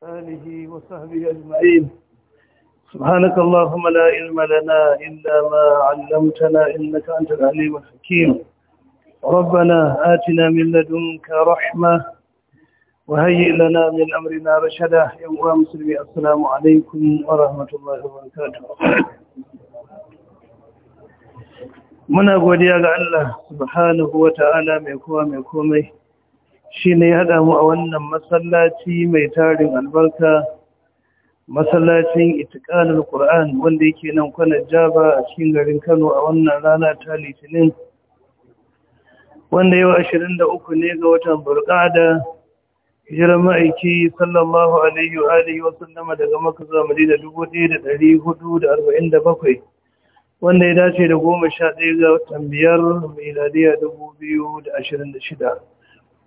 آله وصحبه أجمعين سبحانك اللهم لا علم لنا إلا ما علمتنا إنك أنت العليم الحكيم ربنا آتنا من لدنك رحمة وهيئ لنا من أمرنا رشدا يا مسلمي السلام عليكم ورحمة الله وبركاته muna godiya ga Allah subhanahu wa ta'ala mai kowa mai komai shi ne ya damu a wannan masallaci mai tarin albarka masallacin itikalar ƙur'an wanda yake nan kwanar jaba a cikin garin kano a wannan rana ta litinin wanda yau 23 ne ga watan burkada hijirar ma'aiki sallallahu alaihi wa alihi wa sallama daga maka zamani da 1447 wanda ya dace da 11 ga watan biyar miladiya 2026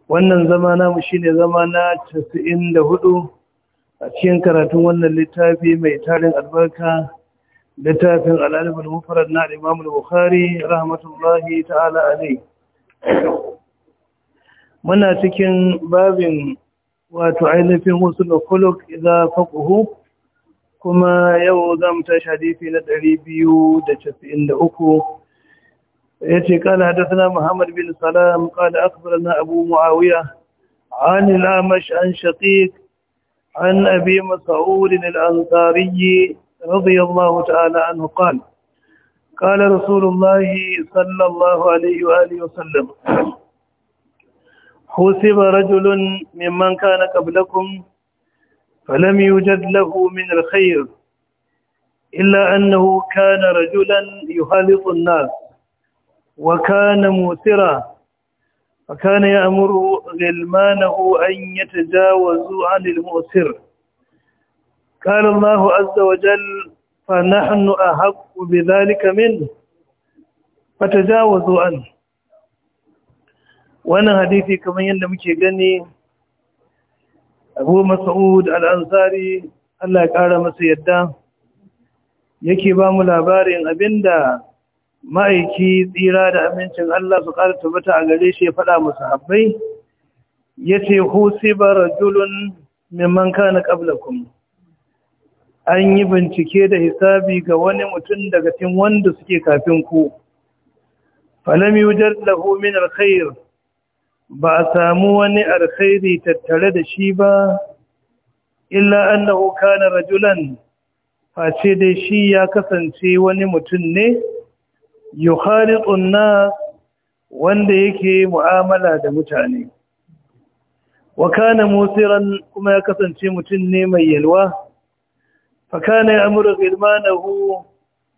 wannan zama namu shine zama na 94 a cikin karatun wannan littafi mai tarin albarka littafin al'adabul mufrad na Imam Bukhari rahmatullahi ta'ala alai muna cikin babin wato ainihin husnul za idza faqahu kuma yau za mu tashi hadisi na 293 يتي قال حدثنا محمد بن سلام قال أخبرنا أبو معاوية عن الأعمش عن شقيق عن أبي مسعود الأنصاري رضي الله تعالى عنه قال قال رسول الله صلى الله عليه وآله وسلم حسب رجل ممن كان قبلكم فلم يوجد له من الخير إلا أنه كان رجلا يخالط الناس وكان موسرا وكان يأمر غلمانه أن يتجاوزوا عن المؤسر قال الله عز وجل فنحن أحق بذلك منه فتجاوزوا عنه wannan hadisi kamar yadda muke gani abu da al'ansari Allah ya ƙara masa yadda yake ba mu labarin abinda ma'aiki tsira da amincin Allah su ƙara tabbata a gare shi ya faɗa musu habbai ya ce husiba rajulun mimman kana qablakum an yi bincike da hisabi ga wani mutum daga cikin wanda suke kafin ku falam yujad lahu min alkhair ba a samu wani alkhairi tattare da shi ba illa annahu kana rajulan face dai shi ya kasance wani mutum ne yukhaliqun na wanda yake mu'amala da mutane wa kana musiran kuma ya kasance mutum ne mai yalwa fa kana ya'muru ilmanahu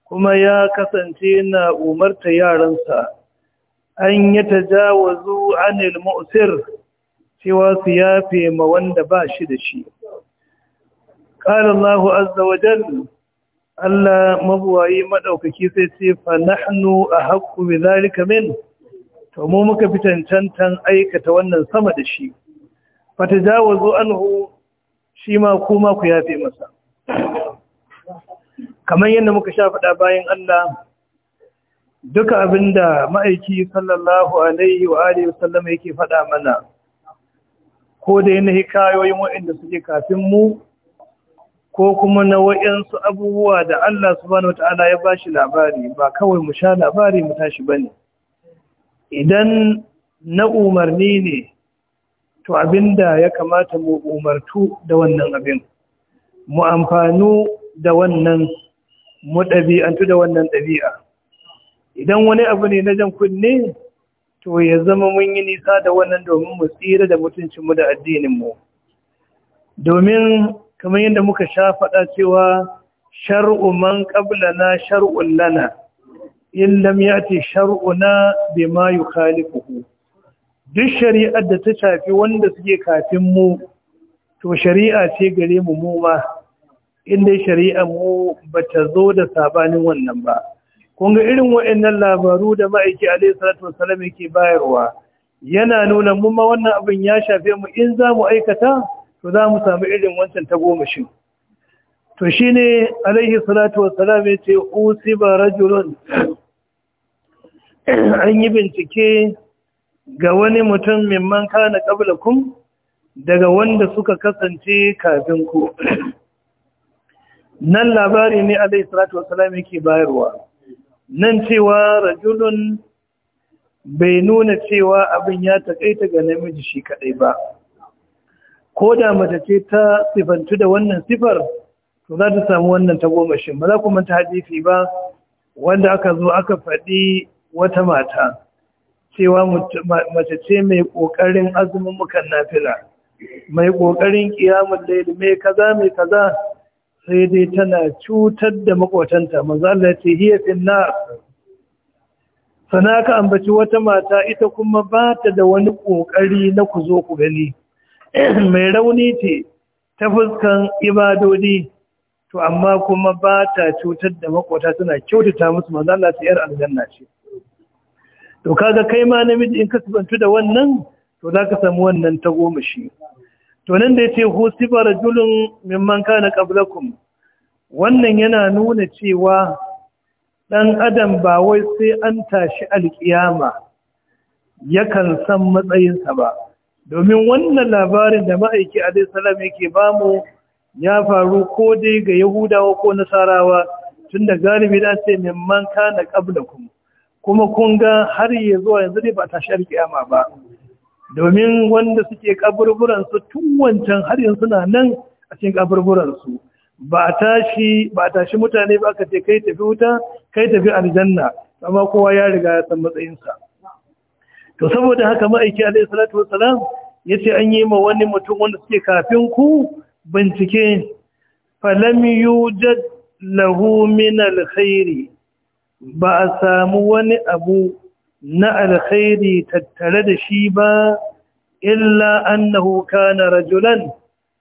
kuma ya kasance na umarta yaransa an ya tajawazu anil mu'sir cewa su yafe ma wanda ba shi da shi qala Allahu azza wa jalla Allah mabuwayi maɗaukaki sai ce fa nahnu ahqqu bi zalika min to mu muka tantan aikata wannan sama da shi fatajawazu anhu shi ma kuma ku yafe masa kamar yadda muka sha faɗa bayan Allah duka abinda ma'aiki sallallahu alaihi wa alihi wasallam yake faɗa mana ko da yanayi kayoyin waɗanda suke kafin mu ko kuma na wa'yansu abubuwa da Allah subhanahu wata'ala ya bashi labari ba kawai mu sha labari mu tashi bane idan na umarni ne to abinda ya kamata mu umartu da wannan abin mu amfanu da wannan mu ɗabi'antu da wannan ɗabi'a idan wani abu ne na jan kunne to ya zama mun yi nisa da wannan domin mu tsira da mutuncinmu da addininmu domin kamar yadda muka sha faɗa cewa shar'u man na shar'un lana in lam na shar'una mayu yukhalifuhu duk shari'ar da ta shafi wanda suke kafin mu to shari'a ce gare mu mu ma inda shari'a mu ba ta zo da sabanin wannan ba kun ga irin nan labaru da ma'aiki alaihi salatu Salamu yake bayarwa yana nuna mun ma wannan abin ya shafe mu in za mu aikata to za mu samu irin wancan ta goma shi to shi ne alaihi salatu ce yace ba rajulun an yi bincike ga wani mutum mimman kana kun daga wanda suka kasance kafin ku nan labari ne alaihi salatu wassalam yake bayarwa nan cewa rajulun bai nuna cewa abin ya taƙaita ga namiji shi kaɗai ba ko da mace ce ta sifantu da wannan sifar to za ta samu wannan ta goma shi. ba za ku manta hadisi ba wanda aka zo aka faɗi wata mata cewa mace ce mai ƙoƙarin azumin mukan nafila mai ƙoƙarin ƙiyamun laili mai kaza mai kaza sai dai tana cutar da Maza mazala ce hiya finna sana ka ambaci wata mata ita kuma ba ta da wani ƙoƙari na ku zo ku gani mai rauni ce ta fuskan ibadodi to amma kuma ba ta cutar da makwata suna kyautata musu mazala ta yar aljanna ce to kaga kai ma namiji in ka tsubantu da wannan to za ka samu wannan ta goma shi to nan da ya yace husiba rajulun mimman kana qablakum wannan yana nuna cewa ɗan adam ba wai sai an tashi alkiyama yakan san matsayinsa ba domin wannan labarin da ma'aiki alaihi salam yake bamu ya faru ko dai ga yahudawa ko nasarawa tun da galibi da ce manka na ƙabla kuma kun ga har ya zuwa yanzu dai ba ta kiyama ba domin wanda suke ƙaburburansu tun wancan har yanzu suna nan a cikin ƙaburburansu ba tashi ba tashi mutane ba aka ce kai tafi wuta kai tafi aljanna amma kowa ya riga ya san matsayinsa to saboda haka ma'aiki Alayhi salatu wassalam yace an yi ma wani mutum wanda suke kafin ku bincike falam yujad lahu min alkhairi ba a samu wani abu na alkhairi tattare da shi ba illa annahu kana rajulan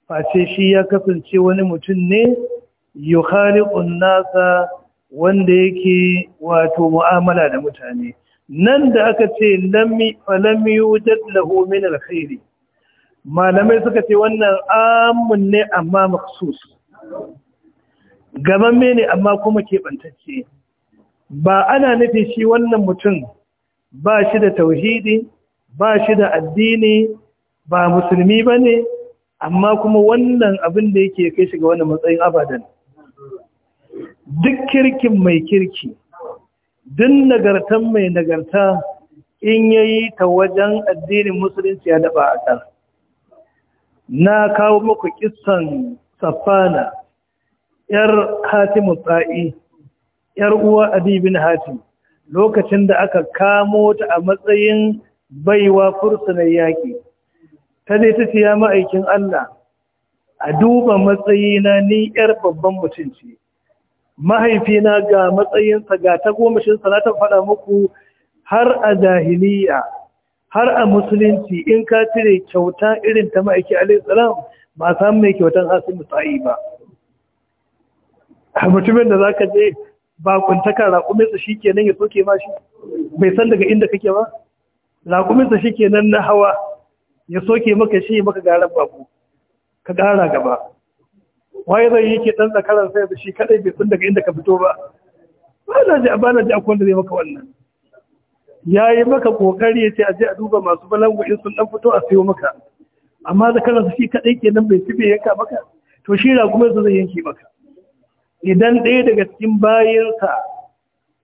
face shi ya kasance wani mutum ne yukhaliqun nasa wanda yake wato mu'amala da mutane nan da aka ce falam yujad lahu min alkhairi malamai suka ce wannan amun ne amma maksus gaban ne amma kuma keɓantacce ba ana nufi shi wannan mutum ba shi da tauhidi ba shi da addini ba musulmi ba ne amma kuma wannan abin da yake kai shiga wannan matsayin abadan duk kirkin mai kirki duk nagartan mai nagarta in yayi ta wajen addinin musulunci ya daba a na kawo muku kissan safana yar hatimu tsa'i yar uwa adi bin hatim lokacin da aka kamo ta a matsayin baiwa fursunan yaƙi ta ne ta ce ma'aikin Allah a duba matsayina ni yar babban mutunci mahaifina ga matsayinsa ga ta gomashinsa na ta faɗa muku har a jahiliya har a musulunci in ka cire kyauta irin ta ma'aiki alaihissalam ba samun mai kyautan asimu musa'i ba a mutumin da za ka je ba kuntaka raƙuminsa shi kenan ya soke ma shi bai san daga inda kake ba raƙuminsa shi kenan na hawa ya soke maka shi maka garan babu ka gara gaba waye zai yake dan zakaran sai da shi kadai bai san daga inda ka fito ba ba na ji ba na ji akwai wanda zai maka wannan yayi maka kokari ya ce a je a duba masu balangu in sun dan fito a sayo maka amma zakaran shi kadai kenan bai tibe yanka maka to shi ra kuma zai yanke maka idan ɗaya daga cikin bayansa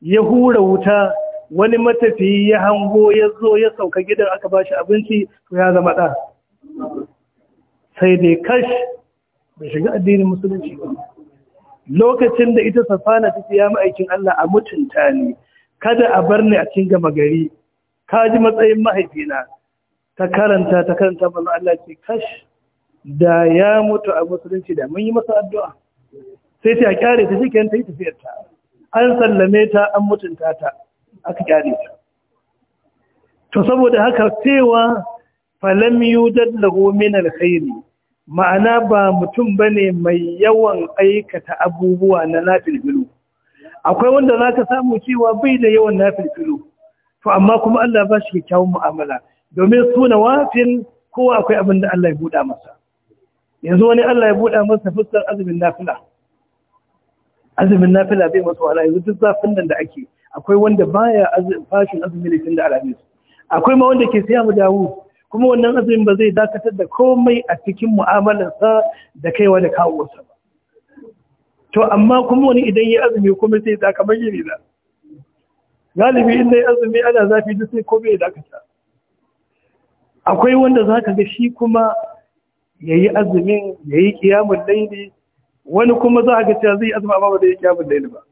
ya hura wuta wani matafiyi ya hango ya zo ya sauka gidan aka bashi abinci to ya zama ɗa sai dai kash bai shiga addinin musulunci ba lokacin da ita safana ta ya ma'aikin Allah a mutunta ne kada a bar ni a cikin gama gari ka ji matsayin mahaifina ta karanta ta karanta manzo Allah ce kash da ya mutu a musulunci da mun yi masa addu'a sai ta kyare ta shikenan ta yi tafiyar ta an sallame ta an mutunta ta aka kyare ta to saboda haka cewa falam yudad lahu min alkhairi ma'ana ba mutum ba ne mai yawan aikata abubuwa na nafilfilu akwai wanda za ka samu cewa bai da yawan nafilfilu to amma kuma Allah ba shi kyakkyawan mu'amala domin suna wafin kowa akwai abin da Allah ya buɗa masa yanzu wani Allah ya buɗa masa fuskar azumin nafila azumin nafila bai masa wahala yanzu duk zafin nan da ake akwai wanda baya fashin azumin litin da alhamis akwai ma wanda ke siya mu dawo kuma wannan azumin ba zai dakatar da komai a cikin mu'amalarsa da kaiwa da kawunsa ba to amma kuma wani idan ya azumi kuma sai ya kamar yiri da galibi in yi azumi ana zafi duk sai komai ya dakata akwai wanda za ka ga shi kuma ya yi azumin ya yi kiyamun laili wani kuma za a ga cewa zai azumi amma ba zai yi kiyamun laili ba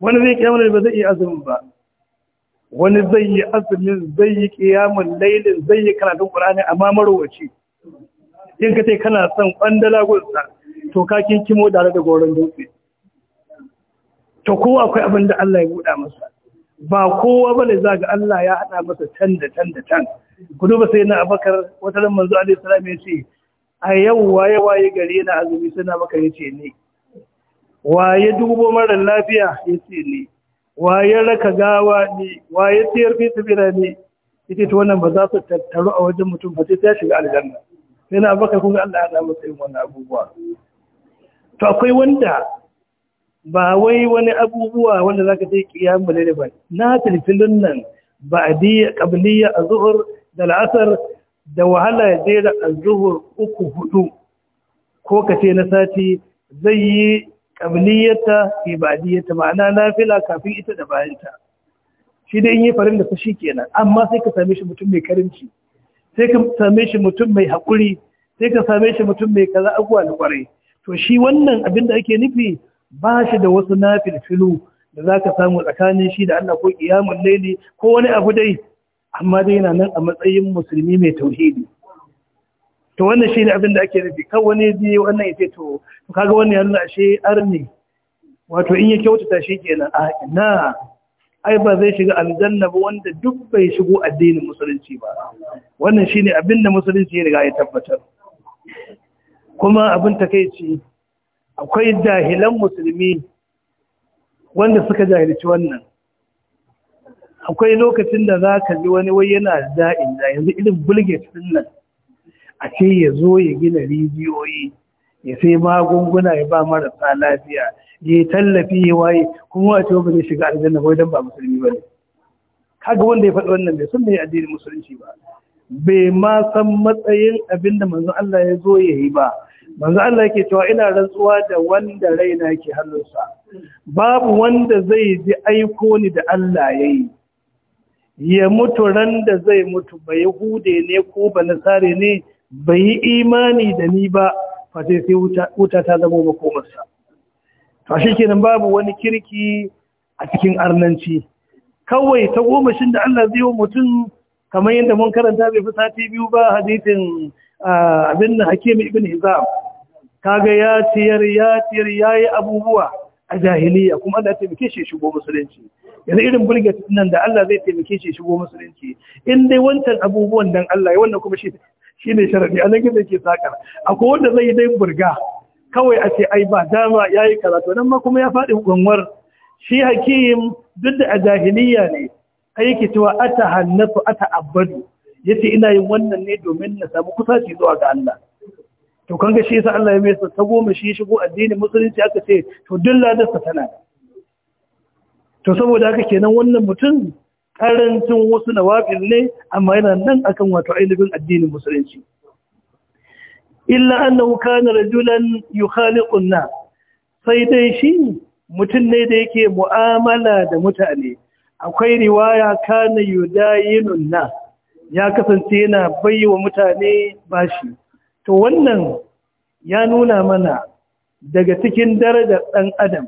wani zai kiyamun laili ba zai yi azumin ba wani zai yi azumin zai yi kiyamun lailin zai yi karatun qur'ani amma wace. in ka ce kana son kwandala gunsa to ka kimo da da goron dutse to kowa akwai abin da Allah ya buɗa masa ba kowa bane za ga Allah ya haɗa masa can da can da can ku duba sai na abakar wata nan manzo alaihi salam ya ce a yau waye waye gari na azumi sai na abakar ya ce ne waye dubo mara lafiya ya ce ne waye raka gawa ne waye tsayar fi tsibira ne ita ta wannan ba za su tattaru a wajen mutum ba sai ta shiga aljanna sai na baka kun Allah ya zama sai wannan abubuwa to akwai wanda ba wai wani abubuwa wanda zaka sai kiyamu ne ba na tilfilin nan ba qabliyya az-zuhr da la'asar da wahala ya jera a Zuhur uku hudu ko kace na sati zai yi qabliyata ibadiyata ma'ana nafila kafin ita da bayanta. shi dai in yi farin da shi kenan amma sai ka same shi mutum mai karimci sai ka same shi mutum mai haƙuri, sai ka same shi mutum mai kaza abuwa da ƙwarai, to shi wannan abin da ake nufi ba shi da wasu nafilfilu da za ka samu tsakanin shi da Allah ko kiyamun laili ko wani abu dai amma dai yana nan a matsayin musulmi mai tauhidi to wannan shi ne abin da ake nufi kan wani ji wannan ya ce to kaga wannan yana ashe arni wato in ya kyautata shi kenan a ina ai ba zai shiga aljanna ba wanda duk bai shigo addinin musulunci ba wannan shi ne abin da musulunci ya riga ya tabbatar kuma abin ta ce akwai jahilan musulmi wanda suka jahilci wannan akwai lokacin da za ka ji wani wai yana da'in da yanzu irin bulge cikin nan a ce ya zo ya gina rijiyoyi ya sai magunguna ya ba marasa lafiya ya yi tallafi ya waye kuma a ce ba zai shiga aljanna ba idan ba musulmi ba ne kaga wanda ya faɗi wannan bai san me addinin musulunci ba bai ma san matsayin abin da manzo Allah ya zo ya yi ba manzo Allah yake cewa ina rantsuwa da wanda raina yake hannunsa babu wanda zai ji aiko ni da Allah ya yi ya mutu ran da zai mutu ba yahude ne ko ba nasare ne bai yi imani da ni ba fata sai wuta ta zama makomarsa to shi kenan babu wani kirki a cikin arnanci kawai ta goma shi da Allah zai yi mutum kamar yadda mun karanta bai fi sati biyu ba hadithin abin da hakimi ibn hizam kaga ya tiyar ya tiyar ya yi abubuwa a jahiliya kuma Allah taimake shi shigo musulunci yanzu irin burge nan da Allah zai taimake shi shigo musulunci in dai wancan abubuwan dan Allah ya wannan kuma shi ne sharaɗi a nan ke sakar akwai wanda zai dai burga kawai a ce ai ba dama ya yi karatu nan ma kuma ya faɗi gwangwar shi hakim duk da a jahiliya ne aiki a ata hannatu ata abadu ce ina yin wannan ne domin na samu kusa kusaci zuwa ga Allah to kanga shi yasa Allah ya mai ta goma shi shigo addinin musulunci aka ce to duk ladar tana to saboda haka kenan wannan mutum karancin wasu nawafil ne amma yana nan akan wato ainihin addinin musulunci illa annahu kana rajulan yukhaliqun sai dai shi mutum ne da yake mu'amala da mutane akwai riwaya kana yudayinun ya kasance yana baiwa mutane bashi to wannan ya nuna mana daga cikin darajar ɗan adam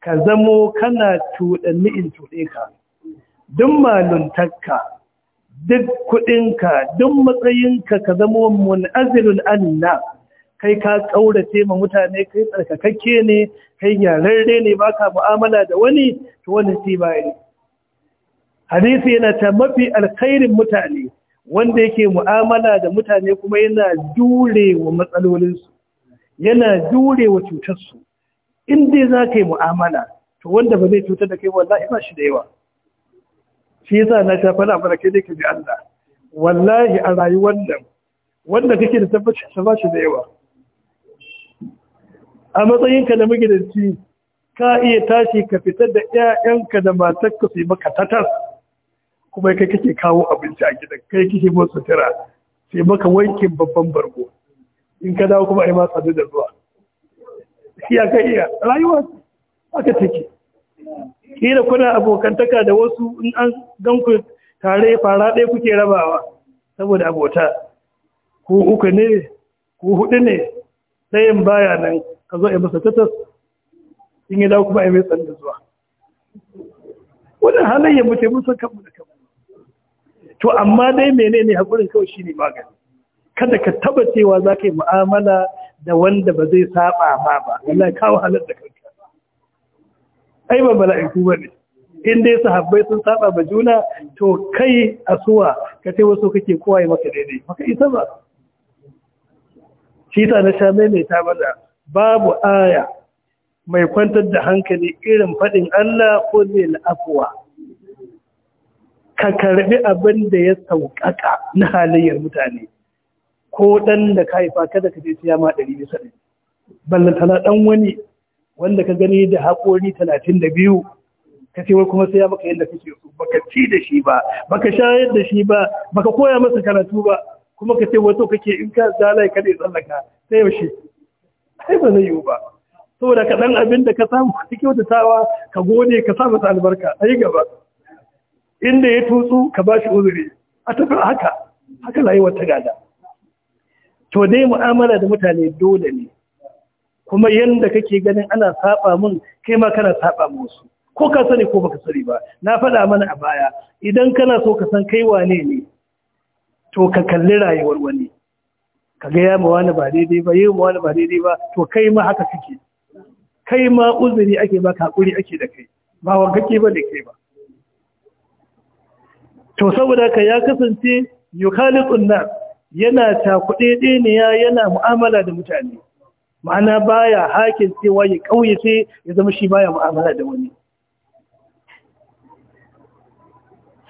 ka zamo kana tuɗa in tuɗe ka duk maluntarka duk kudinka duk matsayinka ka zama mun'azilun Allah. kai ka kaurace ma mutane kai tsarkakakke ne kai yararre ne ba ka mu'amala da wani to wani sai bai hadisi yana ta mafi alkhairin mutane wanda yake mu'amala da mutane kuma yana jure wa matsalolinsu yana jure wa cutarsu in dai za ka yi mu'amala to wanda ba zai cutar da kai wallahi ba shi da yawa shi yasa na ta fara mana kai ne ka bi Allah wallahi a rayuwar nan wanda kake da tabbaci ta ba shi da yawa a matsayinka na magidanci ka iya tashi ka fitar da 'ya'yanka da matarka su yi maka tatar kuma kai kake kawo abinci a gidan kai kake mun sutura sai maka wankin babban bargo in ka dawo kuma ai ma tsadu da zuwa iya ka iya rayuwa aka take kila kuna abokantaka da wasu in an ganku tare fara ɗaya kuke rabawa saboda abota ko uku ne ko hudu ne in baya nan ka zo a masa tatas in yi dawo kuma a mai tsanda zuwa wannan halayyar mu ce mun san kanmu da kanmu to amma dai menene hakurin kawai shine magani kada ka taba cewa za ka yi mu'amala da wanda ba zai saba ma ba wallahi kawo halar da kai ai ba bala'iku ba ne in dai sahabbai sun saba ba juna to kai a suwa ka ce wasu kake kowa maka daidai maka isa ba shi ta na sha maimaita mana babu aya mai kwantar da hankali irin faɗin Allah ko zai la'afuwa ka karbi abin da ya sauƙaƙa na halayyar mutane ko ɗan da ka haifa kada ka je siya ma ɗari bisa ɗari ballantana ɗan wani wanda ka gani da haƙori talatin da biyu ka ce wai kuma sai ya maka yadda kake so baka ci da shi ba baka shayar da shi ba baka koya masa karatu ba kuma ka ce wato kake in ka zalai ka ne tsallaka sai yaushe sai ba zai yi ba saboda ka dan abin da ka samu ka kyautatawa ka gode ka sa masa albarka yi gaba inda ya tutsu ka bashi uzuri a tafi haka haka layuwar ta gada to dai mu'amala da mutane dole ne kuma yanda kake ganin ana saba mun kai ma kana saba mu wasu ko ka sani ko baka sani ba na faɗa mana a baya idan kana so ka san kai wane ne to ka kalli rayuwar wani ka ga ya ma wani ba daidai ba yau ma wani ba daidai ba to kai ma haka kake kai ma uzuri ake ba hakuri ake da kai ba kake ba da kai ba to saboda ka ya kasance yukhaliqun nas yana ta kudede ne ya yana mu'amala da mutane ma'ana baya hakin cewa ya kauyace ya zama shi baya mu'amala da wani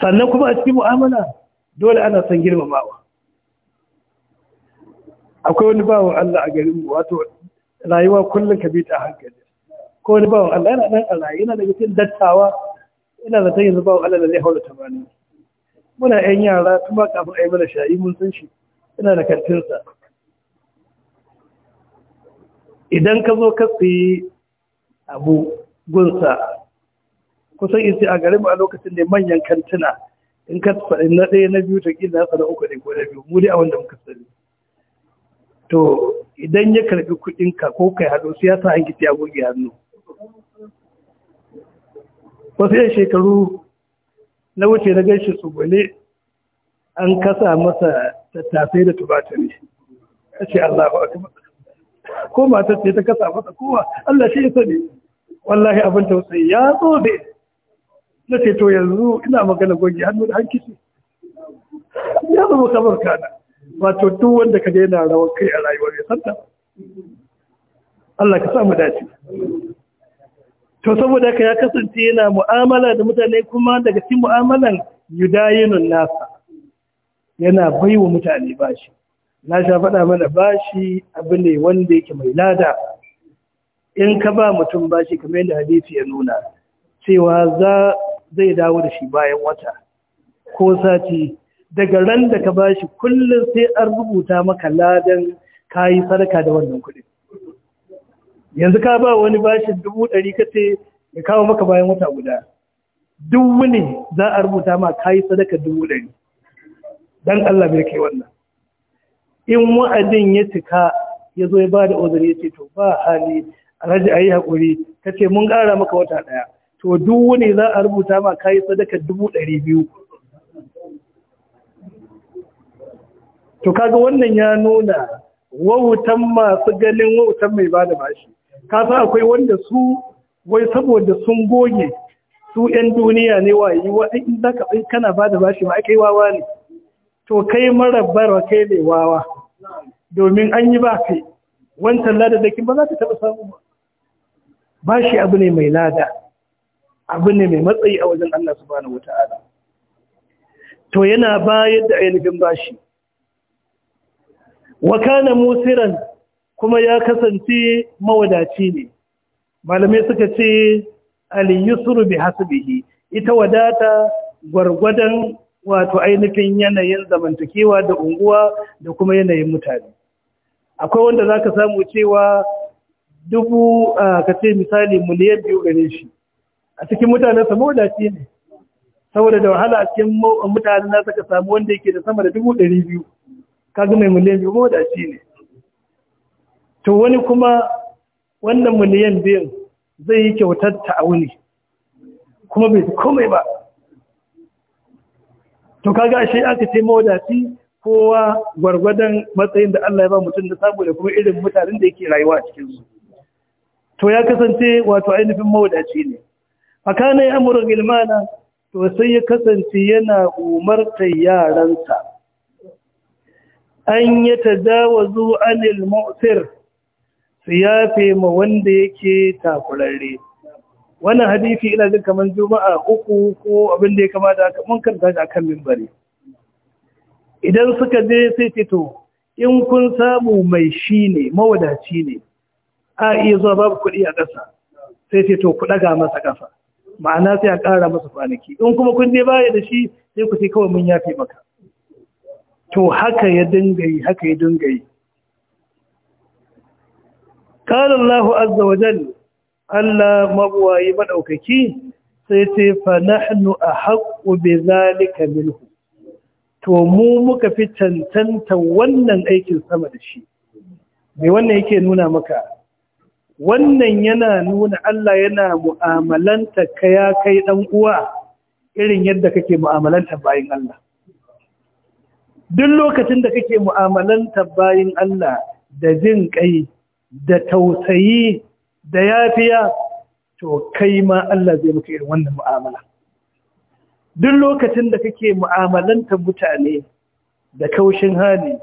sannan kuma a cikin mu'amala dole ana son girmamawa akwai wani bawon Allah a garinmu wato rayuwa kullum ka bita hankali ko wani bawon Allah yana dan Allah yana daga cikin dattawa ina da ta bawon Allah da zai haura tabani muna yan yara tuma kafin ayi mana shayi mun san shi ina da kantinsa idan ka zo ka tsaye abu gunsa kusan isi a garin a lokacin da manyan kantuna in ka faɗi na ɗaya na biyu ta ƙila na uku ne ko na biyu mu dai a wanda muka sani to idan ya karɓi kuɗinka ko kai haɗu su ya sa an giti a goge hannu wasu yan shekaru na wuce na gaishe tsogole an kasa masa tattasai da tubatari a ce Allah ba ko matar ce ta kasa masa kowa Allah shi ya sani wallahi abin tausayi ya zo da na ce to yanzu ina magana goge hannu da hankici ya zama kamar kana wato duk wanda ka daina rawar kai a rayuwar ya santa Allah ka samu dace to saboda ka ya kasance yana mu'amala da mutane kuma daga cikin mu'amalan yudayinun nasa yana baiwa mutane bashi na sha faɗa mana bashi abu ne wanda yake mai lada in ka ba mutum bashi kamar yadda hadisi ya nuna cewa za zai dawo da shi bayan wata ko sati daga ran da ka bashi kullum sai an rubuta maka ladan ka yi sadaka da wannan kuɗin yanzu ka ba wani bashin dubu ɗari ka ce ya kawo maka bayan wata guda duk wuni za a rubuta ma ka yi sadaka dubu ɗari don Allah bai kai wannan in wa'adin ya cika ya zo ya ba da uzuri ya ce to ba hali alhaji a yi haƙuri ta ce mun ƙara maka wata ɗaya to duk wani za a rubuta ma ka yi sadaka dubu ɗari biyu to kaga wannan ya nuna wautan masu ganin wautan mai ba da bashi ka sa akwai wanda su wai saboda sun goge su 'yan duniya ne wayi in kana ba da bashi ma aka yi wawa ne to kai mara bara kai ne wawa domin an yi ba kai wancan lada ladadakin ba za ta taɓa samu ba ba shi abu ne mai lada abu ne mai matsayi a wajen Allah subhanahu wata'ala to yana bayar da ainihin bashi wa kana musiran kuma ya kasance mawadaci ne malamai suka ce Ali yusru bi hasbihi ita wadata gwargwadon wato ainihin yanayin zamantakewa da unguwa da kuma yanayin mutane akwai wanda za ka samu cewa dubu ka ce misali miliyan biyu gare shi a cikin mutanen sa mawadaci ne saboda da wahala a cikin mutane na ka samu wanda yake da sama da dubu ɗari biyu kaga mai miliyan biyu mawadaci ne to wani kuma wannan miliyan biyun zai yi kyautar ta'auni kuma bai komai ba to kaga ashe aka ce mawadaci kowa gwargwadon matsayin da Allah ya ba mutum da samu da kuma irin mutanen da yake rayuwa a cikin su to ya kasance wato ainihin mawadaci ne a kana ya amuru gilmana to sai ya kasance yana umartar yaransa an ya tadawazu anil mu'sir su yafe ma wanda yake takurarre wannan hadisi ina jin kamar juma'a uku ko abin da ya kamata mun karanta shi akan mimbari idan suka je sai ce to in kun samu mai shi ne mawadaci ne a iya zuwa babu kuɗi a ƙasa sai ce to ku ɗaga masa ƙasa ma'ana sai a ƙara masa kwanaki in kuma kun je baya da shi sai ku sai kawai mun yafe maka to haka ya dinga yi haka ya dinga yi قال الله عز وجل Allah mabuwayi maɗaukaki sai ce fa nahnu ahqqu bi zalika minhu to mu muka fi cancanta wannan aikin sama da shi mai wannan yake nuna maka wannan yana nuna Allah yana mu'amalanta ka ya kai dan uwa irin yadda kake mu'amalanta bayin Allah duk lokacin da kake mu'amalanta bayin Allah da jin kai da tausayi da yafiya to kai ma Allah zai muka irin wannan mu'amala duk lokacin da kake mu'amalantar mutane da kaushin hali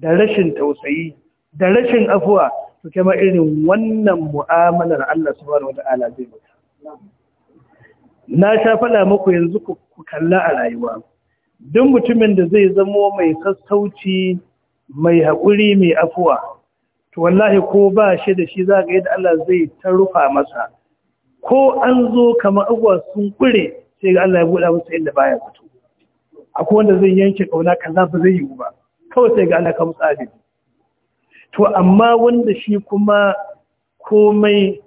da rashin tausayi da rashin afuwa to kai ma irin wannan mu'amalar Allah subhanahu wata'ala zai muka. na sha faɗa maku yanzu ku kalla a rayuwa duk mutumin da zai zamo mai sassauci mai haƙuri mai afuwa to wallahi ko ba shi da shi za ga da Allah zai ta rufa masa ko an zo kamar abuwa sun kure sai ga Allah ya buɗa masa inda baya fito akwai wanda zai yanke kauna kaza ba zai yiwu ba kawai sai ga Allah ka musu adadi to amma wanda shi kuma komai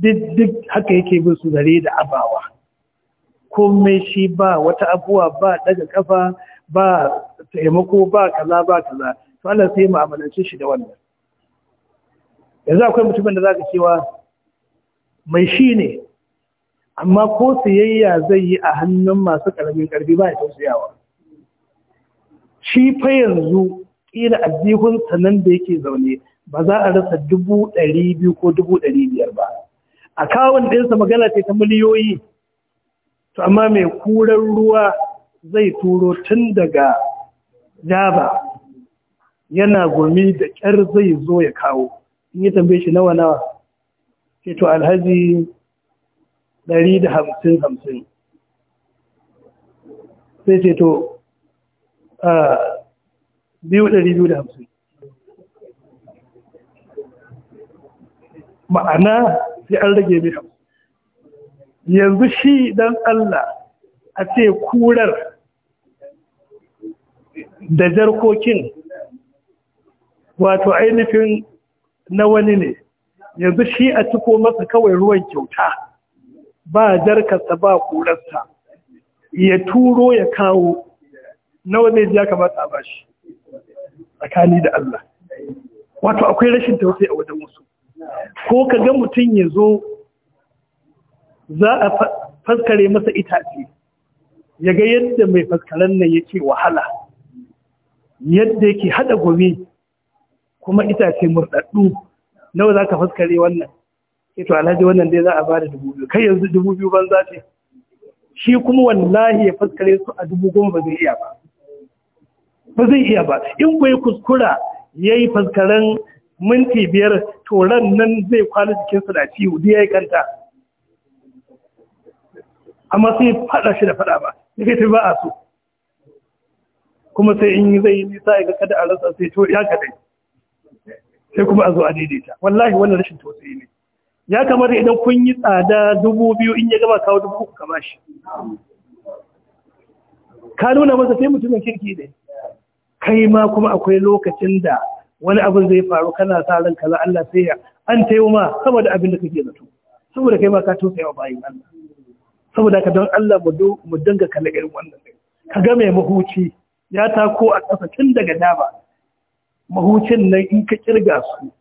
duk haka yake bin su gare da abawa komai shi ba wata abuwa ba daga kafa ba taimako ba kaza ba kaza to Allah sai mu amalance shi da wannan yanzu akwai mutumin da za ka cewa mai shi ne amma ko siyayya zai yi a hannun masu ƙaramin ƙarfi ba ya tausayawa shi fa yanzu ƙila addihun sanan da yake zaune ba za a rasa dubu ɗari biyu ko dubu ɗari biyar ba a kawon ɗinsa magana ce ta miliyoyi to amma mai kuran ruwa zai turo tun daga jaba yana gumi da ƙyar zai zo ya kawo in yi tambaye shi nawa nawa ce to alhaji ɗari da hamsin hamsin sai ce to biyu ɗari biyu da hamsin ma'ana sai an rage mai hamsin yanzu shi dan Allah a ce kurar da jarkokin wato ainihin na wani ne yanzu shi a ciko masa kawai ruwan kyauta ba jarkarsa ba kurarsa ya turo ya kawo nawa ne ya kamata ba shi tsakani da Allah wato akwai rashin tausayi a wajen wasu ko ka ga mutum ya zo za a faskare masa itace ya ga yadda mai faskaren nan yake wahala yadda yake hada gobe kuma itace murɗaɗɗu nawa za ka faskare wannan ke eh to alhaji wannan dai za a ba da dubu biyu kai yanzu dubu biyu ban za ce shi kuma wallahi ya faskare su a dubu goma ba zai iya ba ba zai iya ba in kuwa kuskura ya yi faskaren minti biyar ran nan zai kwana jikinsa da ciwo da ya yi kanta amma sai faɗa shi da faɗa ba ya kai ba a so kuma sai in yi zai yi nisa ya ga kada a rasa sai to ya kaɗai. sai kuma a zo a daidaita wallahi wannan rashin tausayi ne ya kamata idan kun yi tsada dubu biyu in ya gaba kawo dubu uku ka bashi ka nuna masa sai mutumin kirki ne kai ma kuma akwai lokacin da wani abin zai faru kana sa ran kaza Allah sai ya an tayo ma saboda abin da kake zato saboda kai ma ka tausaya wa bayin Allah saboda ka don Allah mu mu dinga kallon irin wannan ka ga mai mahuci ya tako a ƙasa tun daga daba mahucin nan in ka kirga su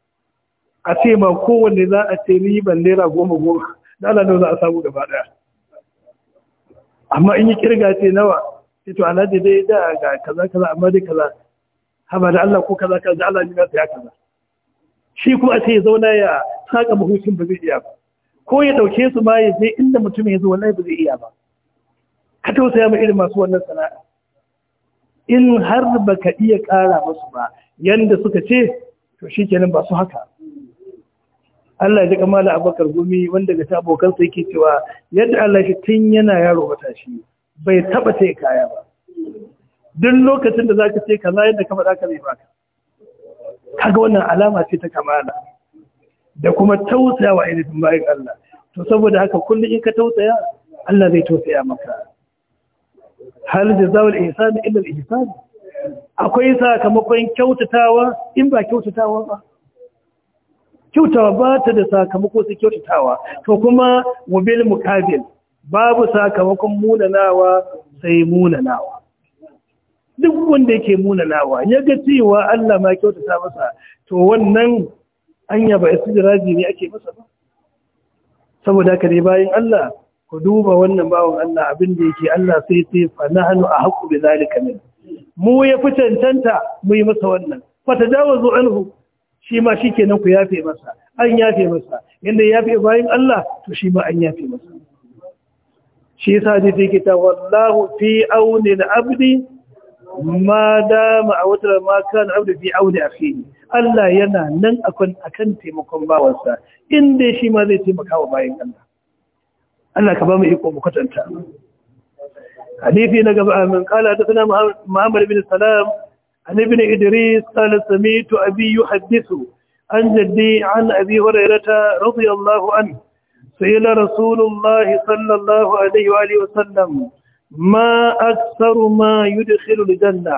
a ce ma kowanne za a ce ni ban naira goma goma da ala za a samu gaba daya amma in yi kirga ce nawa ce to alhaji dai da ga kaza kaza amma dai kaza haba da Allah ko kaza kaza Allah ne ya kaza shi kuma a ce ya zauna ya saka mahucin ba zai iya ba ko ya dauke su ma ya je inda mutum ya zo wallahi ba zai iya ba ka tausaya ma irin masu wannan sana'a in har baka iya ƙara masu ba yadda suka ce to shi nan ba su haka Allah ya ji kamala abakar gumi wanda ga abokansa yake cewa yadda Allah shi tun yana yaro shi bai taba ta kaya ba duk lokacin da zaka ce kaza yadda ka faɗa ka zai baka kaga wannan alama ce ta kamala da kuma tausayawa irin bayan Allah to saboda haka kullum in ka tausaya Allah zai tausaya maka hal jazawul ihsan illa al-ihsan akwai sakamakon kyautatawa in ba kyautatawa ba kyautawa ba ta da sakamako sai kyautatawa to kuma wabil mukabil babu sakamakon munanawa sai munanawa duk wanda yake munanawa ya ga cewa Allah ma kyautata masa to wannan anya ba istijraji ne ake masa ba saboda haka dai bayan Allah ku duba wannan bawan Allah abin da yake Allah sai sai fa nahnu ahqqu bi zalika min mu ya fi cancanta mu yi masa wannan fa tajawazu anhu shi ma shikenan ku yafe masa an yafe masa inda yafe bayan Allah to shi ma an yafe masa shi yasa ne take ta wallahu fi auni al-abdi ma dama a wata ma kan Abdi fi auni akhihi Allah yana nan akan akan taimakon bawansa inda shi ma zai taimaka wa bayan Allah Allah ka ba mu iko mu kwatanta hadisi na gaba min qala suna muhammad bin salam an ibn idris qala sami'tu abi yuhaddithu an jaddi an abi hurairah radiyallahu anhu سئل رسول الله صلى الله عليه وآله وسلم ما أكثر ما يدخل الجنة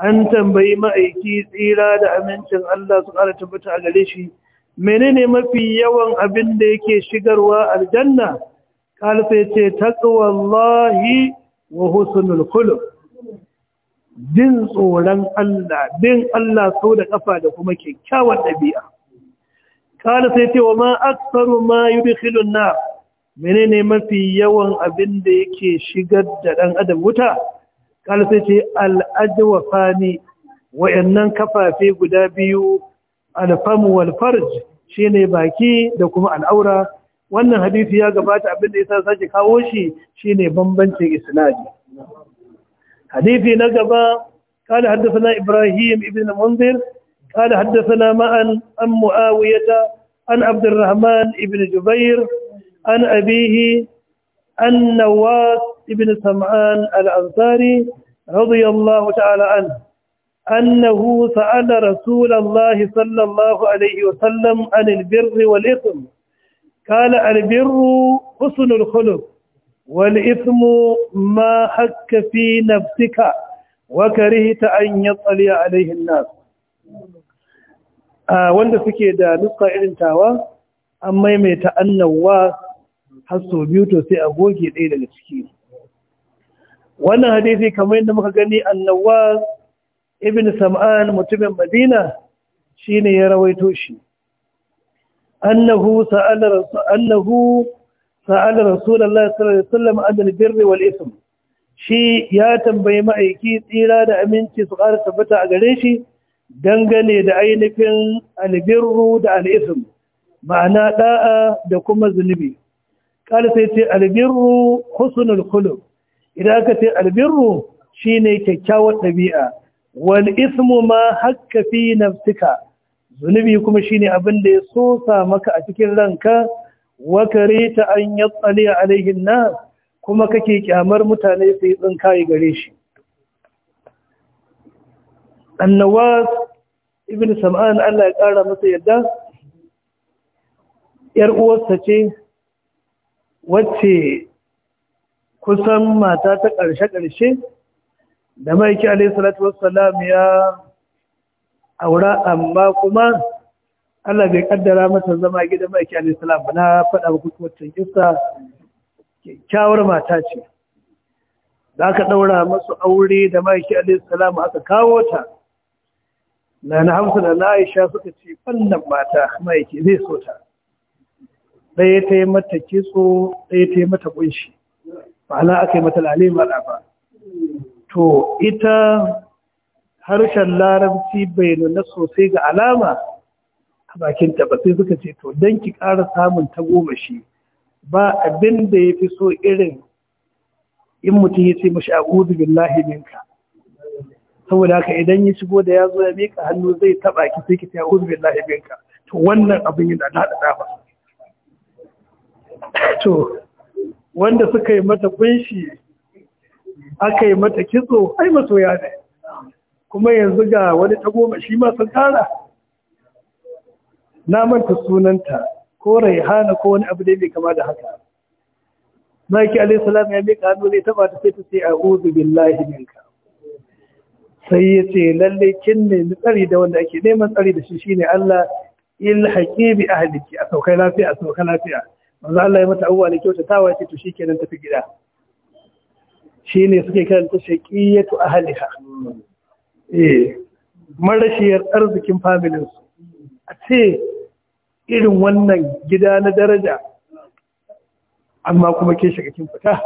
an tambayi ma'aiki tsira da amincin Allah su ƙara tabbata a gare shi menene mafi yawan abin da yake shigarwa aljanna ce ta تقوى wa وحسن الخلق din tsoron Allah bin Allah sau da ƙafa da kuma kyakkyawar ɗabi'a kala ce wa ma aksaru ma na? Mene menene mafi yawan abin da yake shigar da ɗan adam wuta kala sai ce wa fani wayannan kafafe guda biyu alfamu wal farj shine baki da kuma al'aura وأنا hadisi يا gabata abin da yasa sake kawo shi shine bambancin isnadi قال حدثنا إبراهيم ابن المنذر قال حدثنا معا عن معاوية عن عبد الرحمن ابن جبير عن أبيه عن نواس ابن سمعان الأنصاري رضي الله تعالى عنه أنه سأل رسول الله صلى الله عليه وسلم عن البر والإثم قال البر حسن الخلق والإثم ما حك في نفسك وكرهت أن يطلع عليه الناس wanda suke da nuska irin tawa an maimaita annawa har sau biyu to sai a goge ɗaya daga ciki wannan hadisi kamar yadda muka gani annawa ibn sam'an mutumin madina shine ya rawaito shi أنه سأل أنه سأل رسول الله صلى الله shi ya tambayi ma'aiki tsira da aminci su ƙara tabbata a gare shi dangane da ainihin albirru da al'isim ma'ana ɗa'a da kuma zunubi ƙara ce albirru husnul kulub idan aka ce albirru shine kyakkyawar ɗabi'a wal ismu ma hakka fi nafsika zunubi kuma shine abin da ya sosa maka a cikin ranka wa karita an yatsali alaihi nas kuma kake kyamar mutane su yi tsinkaye gare shi annawas ibn sam'an Allah ya kara masa yadda yar uwarsa ce wacce kusan mata ta ƙarshe-ƙarshe da maiki alaihi salatu wassalam ya aura amma kuma Allah bai kaddara mata zama gidan mai kiyar Islam na faɗa ku waccan kissa kyakkyawar mata ce Za ka ɗaura masu aure da mai kiyar Islam aka kawo ta na na da na aisha suka ce fannan mata mai ke zai so ta ɗaya ta yi mata kitso ɗaya ta yi mata kunshi ma'ana aka yi mata da ba to ita harshen larabci bai nuna sosai ga alama a bakin sai suka ce to don ki ƙara samun ta goma shi ba abin da ya fi so irin in mutum ya ce mashi bin billahi minka saboda haka idan ya shigo da ya zo ya miƙa hannu zai taba ki sai ki ce a'udhu billahi minka to wannan abin yana da da ba to wanda suka yi mata kunshi aka yi mata kitso ai masoya ne kuma yanzu ga wani tagoma shi ma sun tara na manta sunanta ko raihana ko wani abu da mai kama da haka maki alaihi salam ya mika hannu ne taba ta sai ta ce a'udhu billahi minka sai ya ce lallai kin ne tsari da wanda ake neman tsari da shi shine Allah il haqibi ahliki a saukai lafiya a saukai lafiya manzo Allah ya mata abuwa ne kyauta ta wace to shikenan tafi gida shine suke kiran ta shaqiyatu ahliha Eh, marashiyar arzikin familinsu a ce irin wannan gida na daraja amma kuma ke shiga kin fita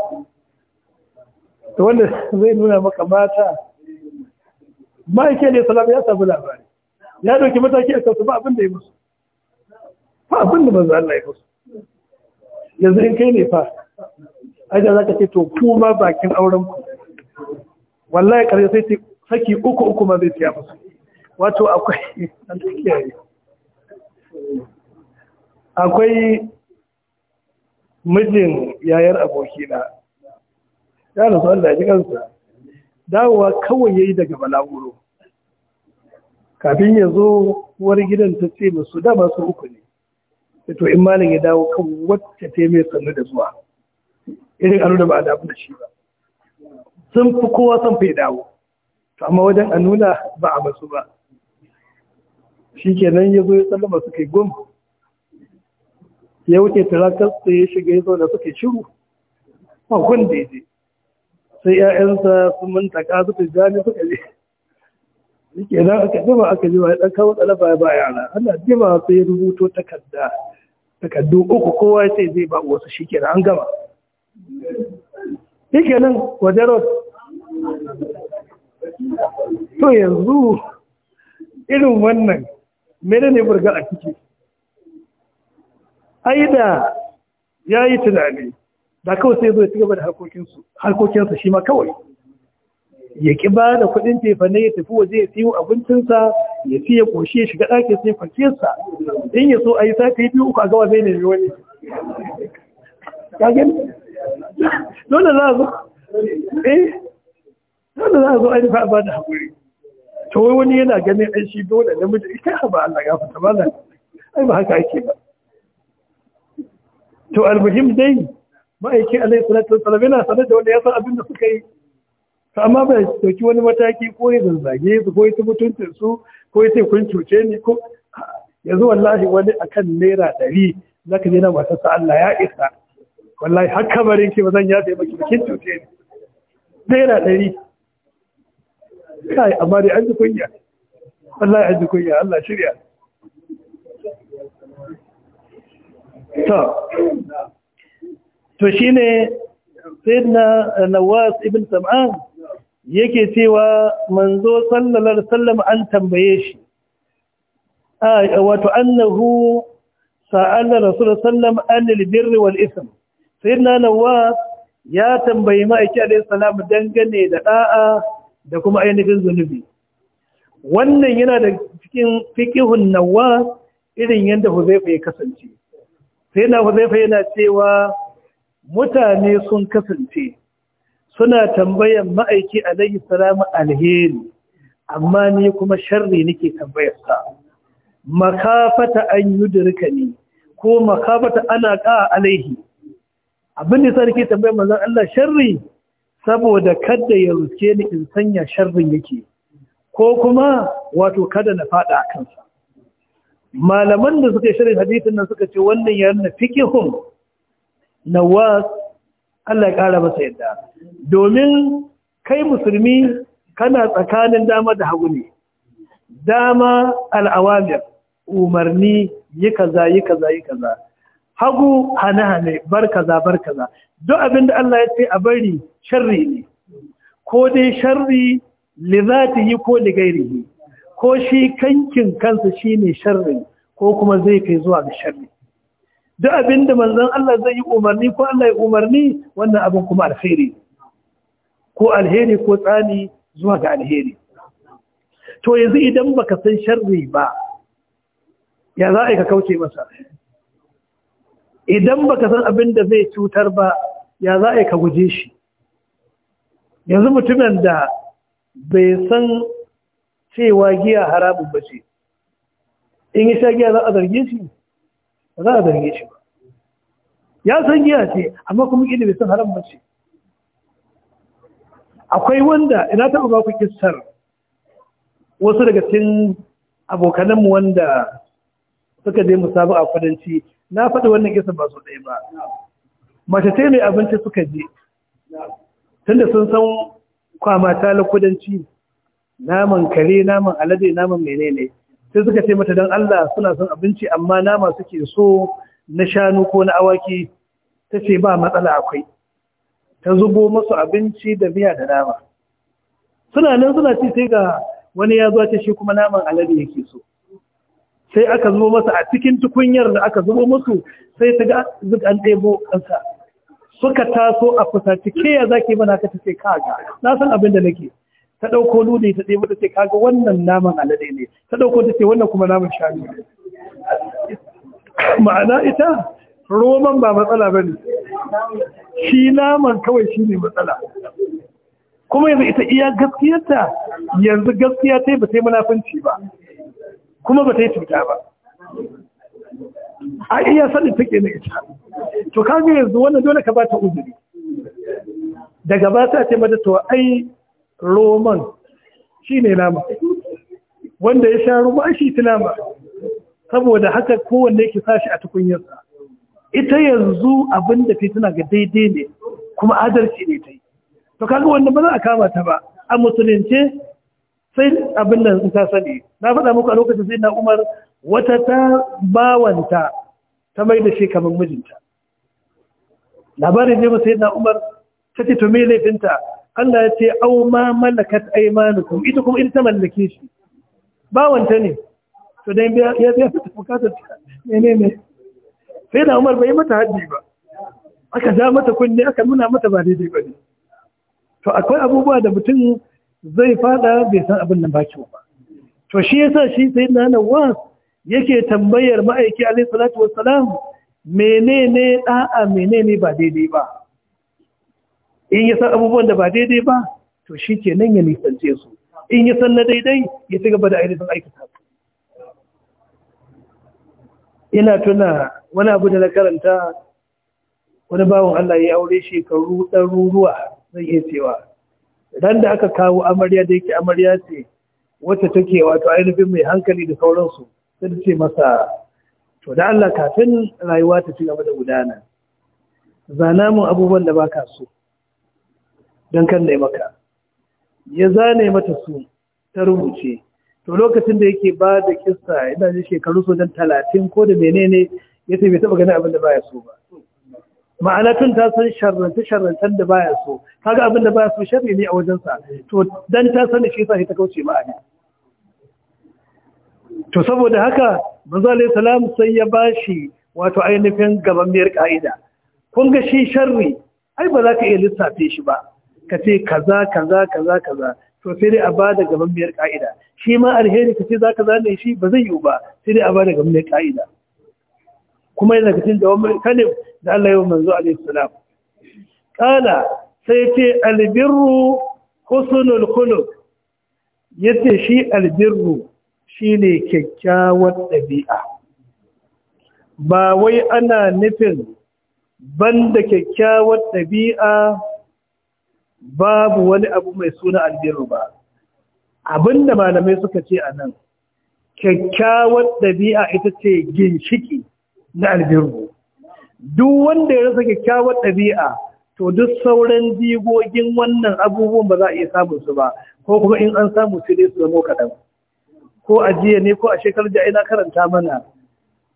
da wanda zai nuna maka mata ma'aike ne salam ya samu labari ya doki mataki a kansu ba abin da ya musu ba abin da manzo Allah ya musu yanzu in kai ne fa aja za ka ce to kuma bakin auren ku wallahi ƙarshe sai ce saki uku uku ma zai siya musu wato akwai akwai mijin yayar abokina ya rasu Allah ji kansa dawowa kawai yayi daga balaguro kafin ya zo gidan ta ce musu dama su uku ne to in malam ya dawo kan wacce ta mai sannu da zuwa irin anu da ba a damu da shi ba sun fi kowa son fi dawo amma wajen a nuna ba a basu ba shi kenan ya zo ya sallama masu kai gom ya wuce tarakarsa ya shiga ya zauna suke shiru ba wanda ya sai 'ya'yansa sun mantaka suka gane suka je yake nan aka jima aka jima ya ɗan kawo baya ba yara ana jima sai rubuto takarda takardu uku kowa ya ce zai ba wasu shi kenan an gama yake nan wajen to yanzu irin wannan mene ne burga a ciki aida ya yi tunani da kawai sai zai cigaba da harkokinsa shi ma kawai ya ki ba da kudin tefane ya tafi waje ya siyo abincinsa ya ci ya koshi ya shiga ɗakin sai sa, in ya so a yi sati biyu uku a gawa zai nemi wani dole za a zo eh dole za a zo ainihin ba bada haƙuri to wai wani yana ganin ai shi dole namiji kai ba Allah ya fita ba na ai ba haka ake ba to almuhim dai ma'aikin alaihi salatu wasallam yana sanar da wanda ya san abin da suka yi to amma ba dauki wani mataki ko ya zanzage su ko ya mutuntun su ko ya ce kun cuce ni ko yanzu wallahi wani akan naira ɗari ka je na matar sa Allah ya isa wallahi har kamarin ki ba zan yafe maki kin cuce ni naira ɗari kai amma dai an ji kunya wallahi an ji kunya Allah shirya to to shine sayyidina Nawas ibn Sam'an yake cewa manzo sallallahu alaihi wasallam an tambaye shi wato annahu sa'ala rasulullah sallam anil birri wal ism sayyidina Nawas ya tambayi ma'aiki alaihi salam dangane da da'a da kuma ainihin zunubi wannan yana da cikin fikihun nawa irin yadda Huzaifa ya kasance sai na Huzaifa yana cewa mutane sun kasance suna tambayan ma'aiki a alaihi salamu alheri amma ni kuma sharri nake tambayar sa makafata an yi durka ni ko makafata ana ka alaihi abin da sarki tambayar manzon Allah sharri saboda kada ya ruske ni in sanya sharrin yake ko kuma wato kada na fada a kansa malaman da suka shirin hadisin nan suka ce wannan ya nuna fikihun nawas Allah ya kara masa yadda domin kai musulmi kana tsakanin dama da hagu ne dama al'awamir umarni yi kaza yi kaza yi kaza hagu hane-hane bar kaza bar kaza duk abin da Allah ya ce a bari sharri ne ko dai sharri li yi ko li ghairihi ko shi kankin kansa shine sharri ko kuma zai kai zuwa ga sharri duk abinda manzon Allah zai yi umarni ko Allah ya umarni wannan abin kuma alheri ko alheri ko tsani zuwa ga alheri to yanzu idan baka san sharri ba ya za ka kauce masa idan baka san abin da zai cutar ba ya za ka guje shi yanzu mutumin da bai san cewa giya haramun ba ce in yi sha giya za a zarge shi ba za a zarge shi ba ya san giya ce amma kuma gini bai san haram ba ce akwai wanda ina taɓa ba ku kistar wasu daga cikin abokananmu wanda suka je musabu a kudanci na faɗi wannan kisa ba su ɗaya ba mace ce mai abinci suka je tunda sun san kwama ta kudanci naman kare naman alade naman menene sai suka ce mata don Allah suna son abinci amma nama suke so na shanu ko na awaki ta ce ba matsala akwai ta zubo masu abinci da miya da nama suna nan suna ci sai ga wani ya zuwa ta shi kuma naman alade yake so sai aka zubo masa a cikin tukunyar da aka zubo musu sai ta ga zuk an ɗebo kansa suka taso a kusaci ke ya zaki mana ka ce kaga na san abin da nake ta dauko nuni ta ɗebo ta ce kaga wannan naman alade ne ta dauko ta ce wannan kuma naman shanu ma'ana ita roman ba matsala ba ne shi naman kawai shi ne matsala kuma yanzu ita iya gaskiyarta yanzu gaskiya ta yi ba ta yi munafunci ba kuma ba ta yi cuta ba a iya sanin take na ita to ka ga yanzu wannan dole ka ba ta uzuri daga ba ta ce mata to ai roman shine nama wanda ya sha ruwa shi nama. saboda haka kowanne yake sashi a tukunyarsa ita yanzu abin da tana ga daidai ne kuma adalci ne ta yi to kaga wanda ba za a kama ta ba a musulunce sai abin da ta sani na faɗa muku a lokacin sai na umar wata ta bawanta ta mai da shi kamar mijinta labarin ne masu yana umar ta ce to laifinta Allah ya ce au ma malakat aimanukum ita kuma ita ta mallake shi bawanta ne to dai ya zai ta bukatar ta ne ne ne sai da umar bai mata haɗi ba aka ja mata kunne aka nuna mata ba daidai ba ne to akwai abubuwa da mutum zai fada bai san abin nan baki ba to shi yasa shi sai na nan wa yake tambayar ma'aiki alaihi salatu wassalam menene da'a menene ba daidai ba in ya san abubuwan da ba daidai ba to shi ke nan ya nisance su in ya san na daidai ya ci gaba da ainihin aikata ina tuna wani abu da na karanta wani bawon Allah ya aure shekaru ɗaruruwa zai iya cewa ran da aka kawo amarya da yake amarya ce wacce take wato ainihin mai hankali da sauransu sun ce masa to da Allah kafin rayuwa ta ci gaba da gudana zana mu abubuwan da baka so don kan dai maka ya zane mata su ta rubuce to lokacin da yake ba da kissa ina ji shekaru so dan talatin ko da menene ya ce bai taba ganin abin da baya so ba ma'ana tun ta san sharranta sharrancen da baya so kaga abin da baya so sharri ne a wajensa to dan ta san shi sai ta kauce ma'ana to saboda haka manzo salam sai ya bashi wato ainihin gaban mayar ka'ida kun ga shi sharri ai ba za ka iya lissafe shi ba ka ce kaza kaza kaza kaza to sai dai a ba da mayar ka'ida shi ma alheri ka ce za ka zane shi ba zai yiwu ba sai dai a ba da mayar ka'ida kuma yana cikin wani kanin da Allah ya yi manzo alaihi salam kala sai ce albirru husnul khuluq yace shi albirru shine kyakkyawar ɗabi'a ba wai ana nufin banda kyakkyawar ɗabi'a babu wani abu mai suna albiru ba abinda malamai suka ce a nan kyakkyawar ɗabi'a ita ce ginshiki na albiru duk wanda ya rasa kyakkyawar ɗabi'a to duk sauran jigogin wannan abubuwan ba za a iya samun su ba ko kuma in an samu su ne su zama kaɗan ko a jiya ne ko a shekarar da ina karanta mana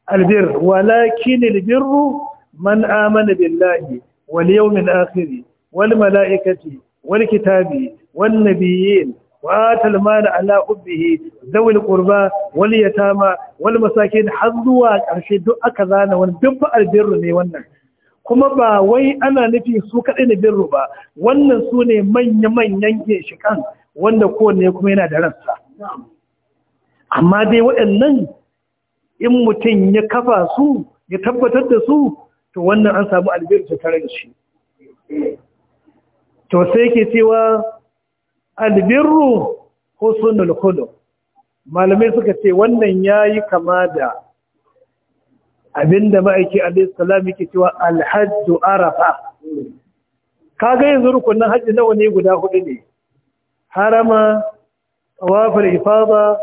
albir walakin albirru man amana billahi wal yawmil akhir wal malaikati wal kitabi wan nabiyyin وآتى المال على حبه ذوي القربى واليتامى والمساكين حظوا ƙarshe duk aka zana wani duk albirru ne wannan kuma ba wai ana nufi su kaɗai na birru ba wannan su ne manya-manyan ginshiƙan wanda kowanne kuma yana da ransa amma dai waɗannan in mutum ya kafa su ya tabbatar da su to wannan an samu albirta tare da shi to sai ke cewa albirru husnul khuluq malamai suka ce wannan ya yi kama da abinda ma'aiki alayhi salam yake cewa alhajj arafa Ka ga yanzu rukunin hajji nawa ne guda hudu ne harama tawaful ifaba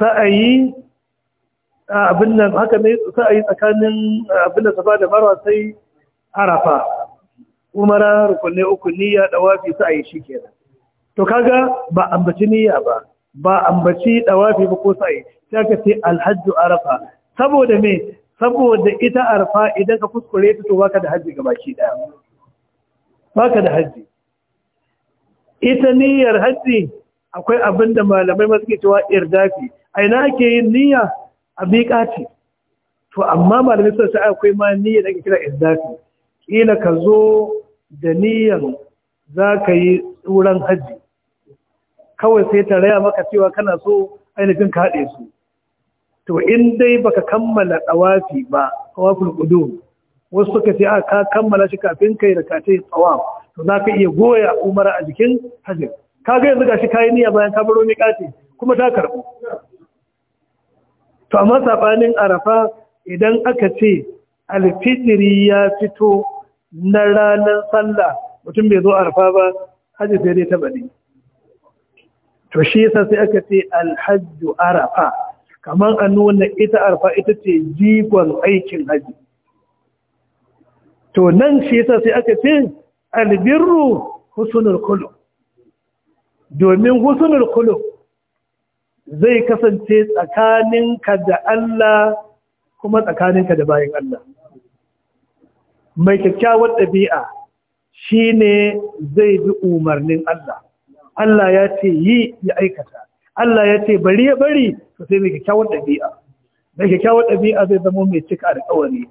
sa'ayi abin nan haka ne sa'ayi tsakanin abin da safa da marwa sai arafa umara rukunne uku niyya dawafi sa'ayi nan to kaga ba ambaci niyya ba ba ambaci dawafi ba ko sa'ayi sai ka ce alhajju arafa saboda me saboda ita arafa idan ka kuskure ta to baka da hajji gabaki daya baka da hajji ita niyyar hajji akwai abin da malamai masu suke cewa irdafi a ina ake yin niyya a ce? to amma malamai sun sai akwai ma niyya da ke kira ihdafi ƙila ka zo da niyyar za ka yi tsuran hajji kawai sai ta raya maka cewa kana so ainihin ka haɗe su to in dai baka kammala tsawafi ba tsawafin ƙudu wasu suka ce a ka kammala shi kafin kai da ka ce tsawaf to za ka iya goya umara a jikin hajji ka ga yanzu ga shi kayi niyya bayan ka baro miƙati kuma ta karɓu to amma sabanin arafa idan aka ce alfitiri ya fito na ranar sallah mutum bai zo arafa ba hajji sai dai taba ne to shi yasa sai aka ce alhajju arafa kamar an nuna ita arafa ita ce jigon aikin hajji to nan shi yasa sai aka ce albirru husnul khuluq domin husnul khuluq zai kasance tsakaninka da Allah kuma tsakaninka da bayan Allah mai kyakkyawar ɗabi'a shi ne zai bi umarnin Allah Allah ya ce yi ya aikata Allah ya ce bari ya bari su sai mai kyakkyawar ɗabi'a mai kyakkyawar ɗabi'a zai zama mai cika alƙawari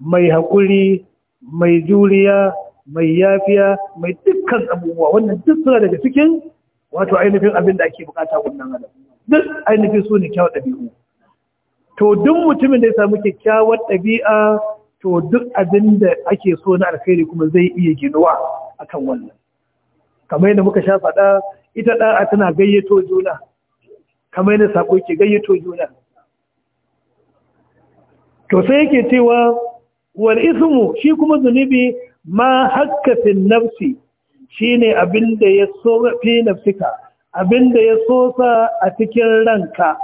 mai haƙuri mai juriya mai yafiya mai dukkan abubuwa wannan duk suna daga cikin wato ainihin abin da ake bukata wannan adam duk ainihin su ne kyawar ɗabi'u to duk mutumin da ya samu kyakkyawar ɗabi'a to duk abin da ake so na alkhairi kuma zai iya ginuwa kan wannan kamar yadda muka sha faɗa ita ɗa'a tana gayyato juna kamar da saƙo ke gayyato juna to sai yake cewa wal ismu shi kuma zunubi ma hakka nafsi shi ne abin da ya so fi nafsika Abin da ya sosa a cikin ranka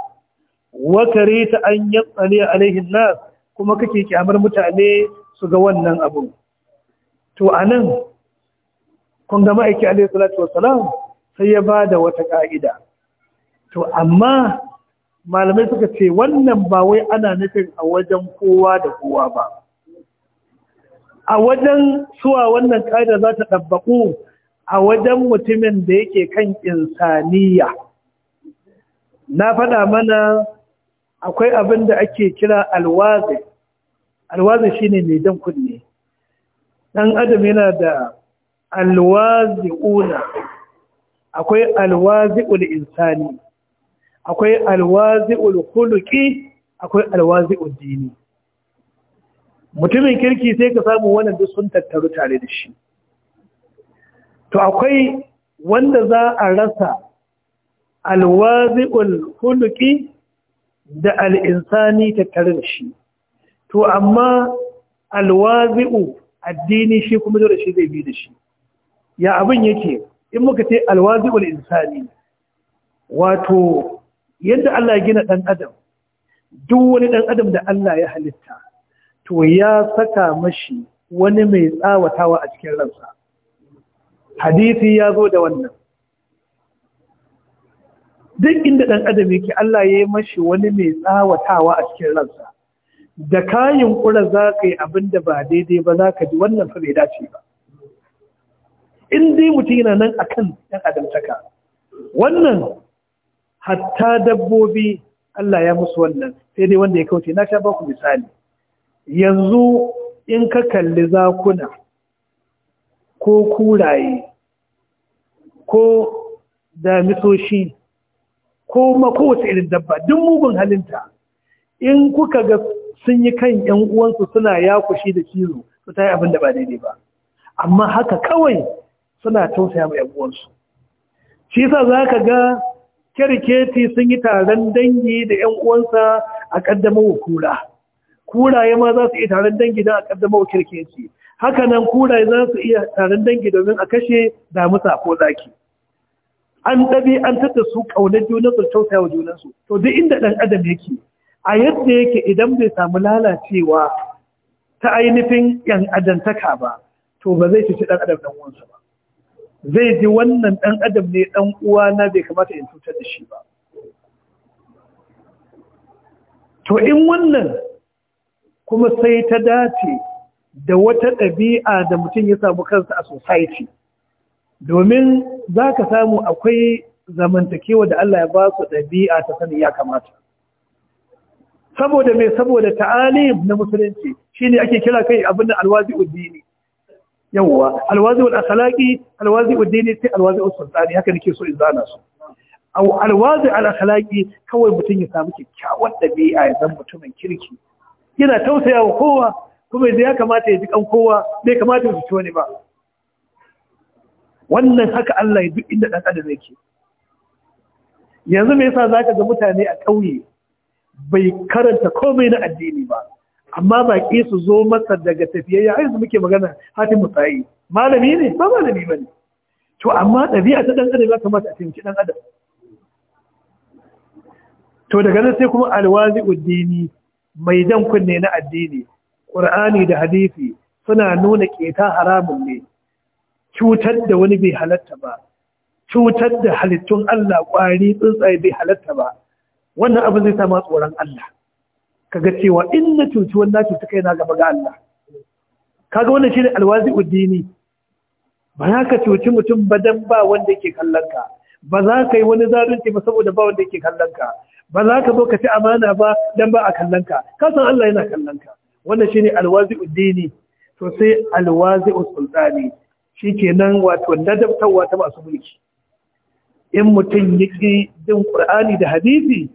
wakare ta an a alaihin nas kuma kake kyamar mutane su ga wannan abu to a nan, kun ga aiki alaihi salatu sai ya ba da wata ka'ida to amma malamai suka ce wannan ba wai ana nufin a wajen kowa da kowa ba a wajen suwa wannan ka'ida za ta ɗabbaƙo a wajen mutumin da yake kan insaniya na faɗa mana akwai abin da ake kira alwazi alwazi shine mai dan kunne dan adam yana da alwazi una akwai alwazi ul insani akwai alwazi ul khuluqi akwai alwazi ul dini mutumin kirki sai ka samu wannan duk sun tattaru tare da shi to akwai wanda za a rasa alwazi'ul huluki da al'insani ta tarin shi to amma alwazi'u addini shi kuma da shi zai bi da shi ya abin yake in muka ce alwazi'ul insani wato yadda Allah gina ɗan adam duk wani ɗan adam da Allah ya halitta to ya saka mashi wani mai tsawatawa a cikin ransa hadisi ya zo da wannan duk inda ɗan adam yake Allah ya yi mashi wani mai tsawatawa a cikin ransa da kayan ƙura za ka yi abin da ba daidai ba za ka ji wannan fa bai dace ba in dai mutum yana nan akan ɗan adamtaka wannan hatta dabbobi Allah ya musu wannan sai dai wanda ya kauce na sha baku misali yanzu in ka kalli zakuna ko kuraye ko damisoshi ko makowace irin dabba duk mugun halinta in kuka ga sun yi kan ‘yan uwansu suna yakushi da cizo su ta yi abin da ba daidai ba amma haka kawai suna tausaya mai ‘yan uwansu shi sa za ka ga kyarketi sun yi taron dangi da ‘yan uwansa a ƙaddamar kura kuraye ma za su yi taron dangi don a ƙaddamar kyarketi haka nan kuraye za su iya taron dangi domin a kashe damusa ko zaki an ɗabi an tada su kaunar su kyauta wa junansu to duk inda ɗan adam yake a yadda yake idan bai samu lalacewa ta ainihin yan adantaka ba to ba zai cuci ɗan adam ɗan uwansa ba zai ji wannan ɗan adam ne ɗan uwa na bai kamata in cutar da shi ba to in wannan kuma sai ta dace da wata ɗabi'a da mutum ya samu kansa a society domin za ka samu akwai zamantakewa da Allah ya ba su ɗabi'a ta sani ya kamata saboda mai saboda ta'alim na musulunci shi shine ake kira kai abin da alwazi uddini yawwa alwazi wal akhlaqi alwazi uddini sai alwazi sultani haka nake so in zana su alwazi al akhlaqi kawai mutum ya samu kyakkyawar ɗabi'a ya zama mutumin kirki yana tausayawa kowa kuma yanzu ya kamata ya ji kan kowa bai kamata ya ci wani ba wannan haka Allah ya duk inda ɗan adam yake yanzu me yasa zaka ga mutane a ƙauye bai karanta komai na addini ba amma baƙi su zo masa daga tafiyayya ai su muke magana hatin musayi malami ne ba malami ba ne to amma ɗabi'a ta ɗan adam ya kamata a taimaki ɗan adam to daga nan sai kuma alwazi uddini mai jan kunne na addini ƙur'ani da hadisi suna nuna ƙeta haramun ne cutar da wani bai halatta ba cutar da halittun Allah ƙwari tsuntsaye bai halatta ba wannan abin zai sama tsoron Allah kaga cewa inna na cuci wannan cuta kai na gaba ga Allah kaga wannan shine alwazi uddini ba za ka cuci mutum ba dan ba wanda yake kallon ka ba za ka yi wani zalunci ba saboda ba wanda yake kallon ka ba za ka zo ka ci amana ba dan ba a kallon ka ka san Allah yana kallon ka wannan shine alwazi'ud dini to sai shi sultani shikenan wato ladabtawa ta masu mulki in mutum yake jin qur'ani da hadisi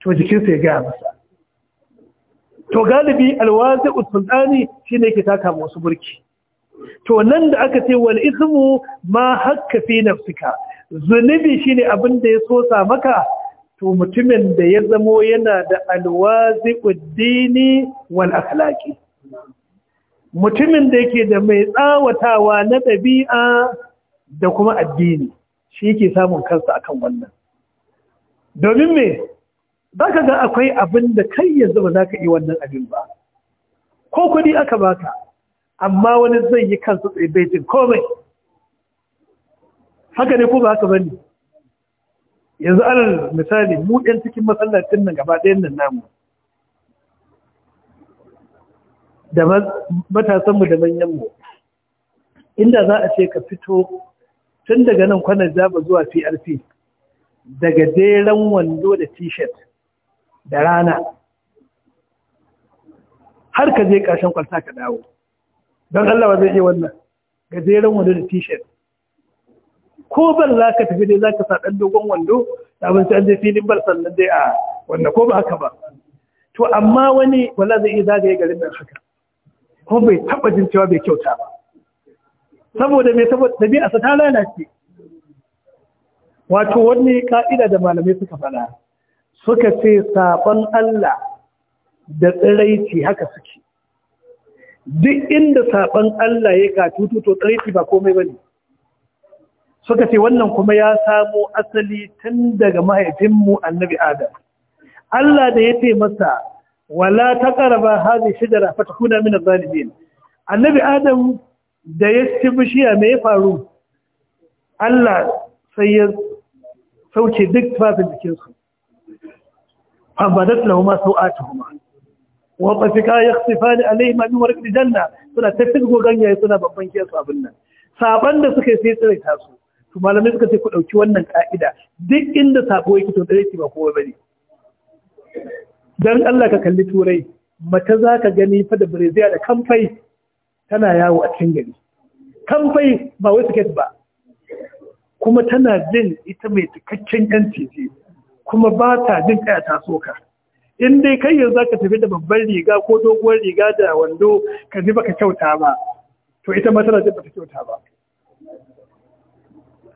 to jikinsa ya gaya masa to galibi alwazi'us sultani shine yake taka masu mulki to nan da aka ce wani ismu ma hakka fi nafsika zunubi shine abin da ya sosa maka to mutumin da ya zamo yana da alwazi uddini wal akhlaqi mutumin da yake da mai tsawatawa na dabi'a da kuma addini shi yake samun kansa akan wannan domin me za ka ga akwai abin da kai yanzu ba za ka yi wannan abin ba ko kudi aka baka amma wani zai yi kansa tsaye komai haka ne ko ba haka bane yanzu alal misali mu ɗan cikin masallacin nan gaba ɗayan nan namu da matasanmu da manyanmu inda za a ce ka fito tun daga nan kwanan zaba zuwa prp daga deren wando da t-shirt da rana har ka je ƙarshen kwalta ka dawo don allawa zai iya wannan gajeren wando da t-shirt ko ban za ka tafi dai za ka sa ɗan dogon wando Da abin sai an je filin bal sannan dai a wannan ko ba haka ba to amma wani wala zai iya zagaye garin nan haka ko bai taɓa jin cewa bai kyauta ba saboda mai saboda sa ta lalace wato wani ka'ida da malamai suka fara suka ce saban Allah da tsiraici haka suke duk inda saban Allah ya ka tutu to tsiraici ba komai bane suka ce wannan kuma ya samo asali tun daga mahaifinmu annabi adam Allah da ya ce masa wala taqraba hadhihi shajara fatakuna min adh-dhalimin annabi adam da ya ci bishiya me ya faru Allah sai ya sauke duk tafin jikinsu fabadat lahuma su'atuhuma wa tafika yakhsifani alayhima min warqil janna suna tafi goganya suna babban kiyasu abin nan saban da suka yi sai tsare su to malamai suka ce ku ɗauki wannan ƙa'ida duk inda sako yake to tsare ba kowa bane dan Allah ka kalli turai mace za ka gani fa da breziya da kamfai tana yawo a cikin gari kamfai ba wai suket ba kuma tana jin ita mai cikakken yanci ce kuma ba ta jin kaya ta soka in dai kai yanzu ka tafi da babban riga ko doguwar riga da wando ka ji baka kyauta ba to ita masana tana jin ta kyauta ba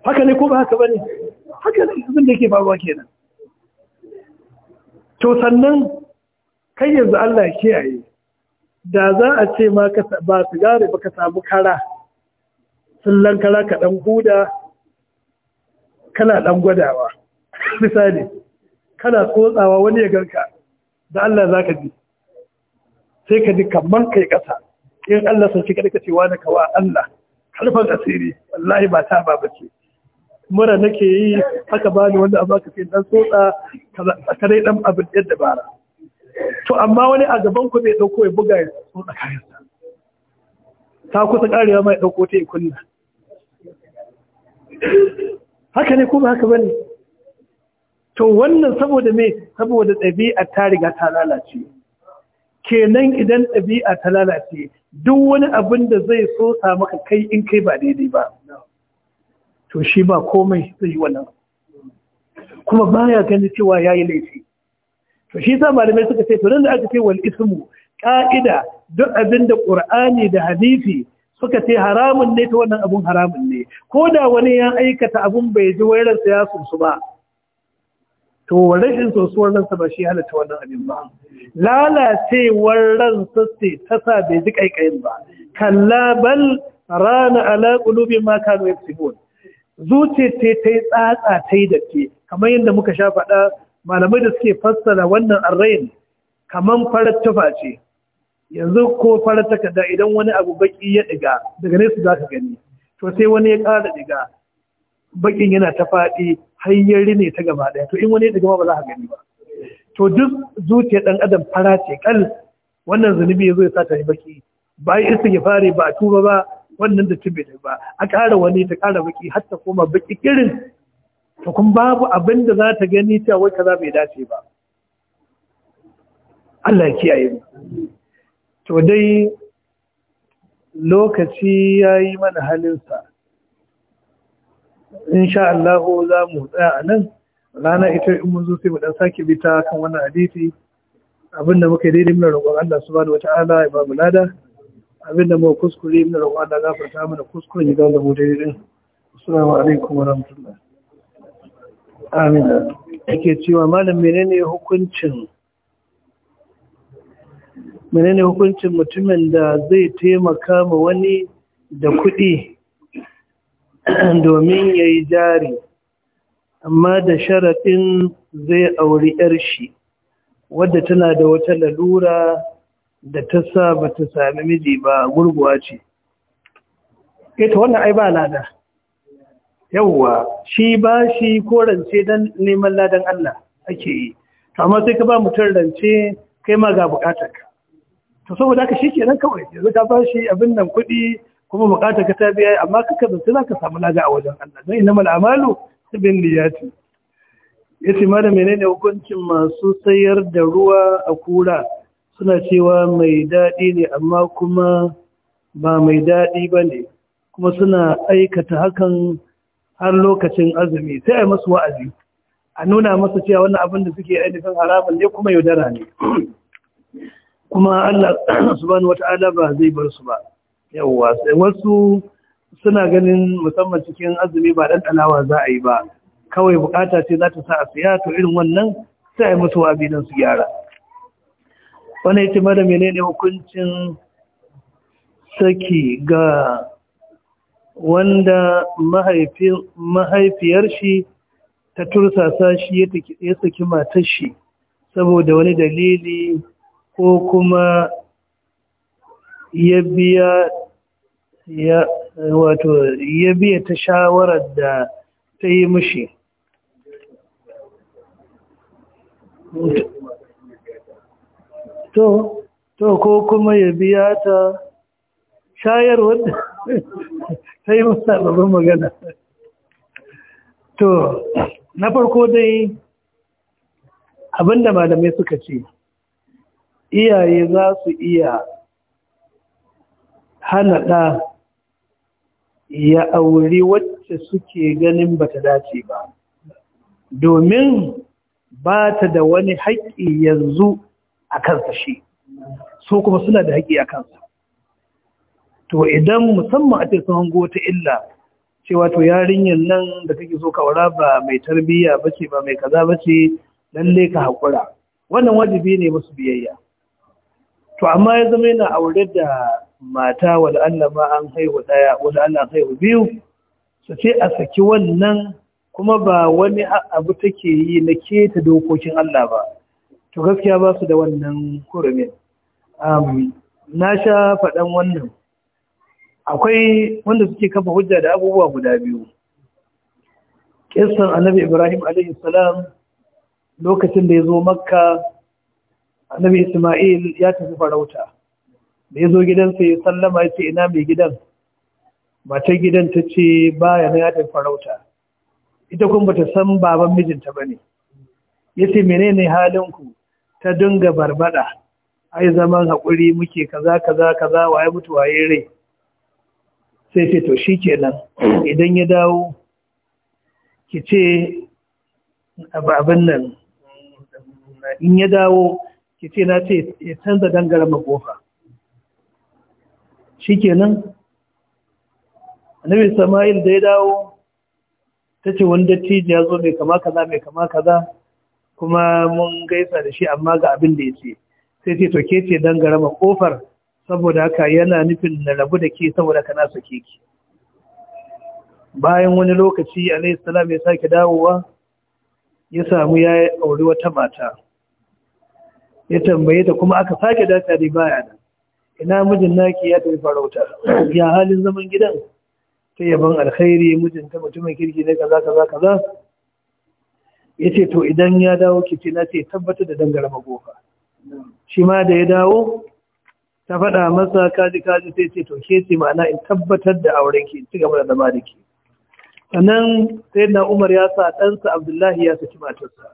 haka ne ko ba haka bane haka ne abin da yake faruwa kenan to sannan kai yanzu Allah ya kiyaye da za a ce ma ka ba sigari ba ka samu kara sullan kara ka dan huda kana dan gwadawa misali kana tsotsawa wani ya ganka, da Allah za ka ji sai ka ji kamar kai kasa in Allah sun ci ka cewa kawa Allah kalfan asiri wallahi ba ta ba bace mura nake yi aka bani wanda abu aka ce dan tsotsa ka dai dan abin yadda bara to amma wani a gaban ku zai dauko ya buga ya tsotsa kayan ta kusa karewa mai dauko ta kunna haka ne kuma haka bane to wannan saboda me saboda ɗabi'a ta riga ta lalace kenan idan ɗabi'a ta lalace duk wani abin da zai so maka kai in kai ba daidai ba to shi ba komai zai yi wannan kuma ba baya ganin cewa yi laifi to shi sa malamai suka ce to da aka ce wal ismu ka'ida duk abin da qur'ani da hadisi suka ce haramun ne ta wannan abun haramun ne ko da wani ya aikata abun bai ji sa ya sunsu ba to rashin sosuwar ransa ba shi halatta wannan abin ba lalacewar ransa ce ta sa bai ji kaikayin ba kalla bal rana ala qulubi ma kanu yaksibun zuce ce ta yi tsatsa ta yi da ke kamar yadda muka sha faɗa malamai da suke fassara wannan arrayin kamar farar tufa ce yanzu ko farar takarda idan wani abu baki ya ɗiga daga nesa za ka gani to sai wani ya ƙara ɗiga bakin yana ta faɗi hanyar ne ta gaba ɗaya to in wani ya ɗiga ba za ka gani ba to duk zuciyar ɗan adam fara ce kal wannan zunubi ya zo ya sa ta yi baki bayan fare ba a tuba ba wannan da ta bai ba a ƙara wani ta ƙara baki har ta koma baki irin ta kuma babu abin da za ta gani ta wai kaza bai dace ba Allah ya kiyaye mu to dai lokaci ya yi mana halinsa insha Allah za mu tsaya a nan rana ita in mun zo sai mu dan sake bita kan wannan hadisi abinda muka yi daidai muna roƙon Allah subhanahu wataala ya ba mu lada abinda mu kuskure ibn roƙa da gafarta mana kuskuren gidan da mu dai din assalamu alaikum wa rahmatullah amin yake cewa malam menene hukuncin menene hukuncin mutumin da zai taimaka ma wani da kuɗi domin ya yi jari amma da sharaɗin zai auri 'yar shi wadda tana da wata lalura da ta sa ba ta sami miji ba gurguwa ce ita eh, wannan ai ba lada yawwa shi ba shi ko rance don neman ladan Allah ake yi amma sai ka ba mutum rance kai ma ga bukatar ka to saboda haka nan kawai yanzu ka ba shi abin nan kuɗi kuma bukatar ka ta biya amma kaka zance za ka samu lada a wajen Allah don inna mal'amalu bin liyati. yace malam menene hukuncin masu sayar da ruwa a kura suna cewa mai daɗi ne amma kuma ba mai daɗi ba ne kuma suna aikata hakan har lokacin azumi sai a yi masu wa'azi a nuna masu cewa wannan abin da suke ainihin haramun ne kuma yaudara ne kuma Allah subhanahu wata'ala ba zai bar su ba yawwa sai wasu suna ganin musamman cikin azumi ba dan talawa za a yi ba kawai bukata ce za ta sa a siya to irin wannan sai a yi musu wa'azi don su gyara wani ya ce mara menene hukuncin saki ga wanda mahaifiyar shi ta tursasa shi ya saki matar shi saboda wani dalili ko kuma ya biya ya wato ya biya ta shawarar da ta yi mishi to to ko kuma ya biya ta shayar ta yi masa babban magana to na farko dai abinda malamai suka ce iyaye za su iya hana ɗa ya auri wacce suke ganin bata dace ba domin ba ta da wani haƙƙi yanzu a kansa shi su kuma suna da haƙi a kansa to idan musamman a ce sun hango ta illa cewa to yarinyar nan da kake so ka wara ba mai tarbiyya ba ce ba mai kaza ba ce lalle ka haƙura wannan wajibi ne musu biyayya to amma ya zama yana aure da mata wal'alla ma an haihu ɗaya wal'alla an haihu biyu su ce a saki wannan kuma ba wani abu take yi na keta dokokin Allah ba to gaskiya ba su da wannan hurumin na sha faɗan wannan akwai wanda suke kafa hujja da abubuwa guda biyu ƙisar annabi ibrahim salam lokacin da ya zo makka annabi ismail ya tafi farauta da ya zo gidansa ya sallama ya ce ina mai gidan matar gidan ta ce bayan ya tafi farauta ita kuma ta san baban mijinta ba ne ya ce menene halinku ta dinga barbada ai zaman haƙuri muke kaza kaza kaza waye mutu waye rai sai ce to shi kenan idan ya dawo ki ce abin nan in ya dawo ki ce na ce ya canza dangara makofa shi kenan annabi sama'il da ya dawo ta ce wani dattijo ya zo mai kama kaza mai kama kaza kuma mun gaisa da shi amma ga abin da ya ce sai ce to ce dan garama kofar saboda haka yana nufin na rabu da ke saboda kana sake ki bayan wani lokaci alayhi salam ya sake dawowa ya samu ya auri wata mata ya tambaye ta kuma aka sake dace da baya nan ina mijin naki ya tafi farauta ya halin zaman gidan sai yaban alkhairi mijinta mutumin kirki ne kaza kaza kaza ya ce to idan ya dawo kici na ce tabbatar da dangara magofa shi ma da ya dawo ta faɗa masa kaji kaji sai ce to ke ce ma'ana in tabbatar da auren ki ci gaba da zama da ke sannan sai na umar ya sa ɗansa abdullahi ya saki matarsa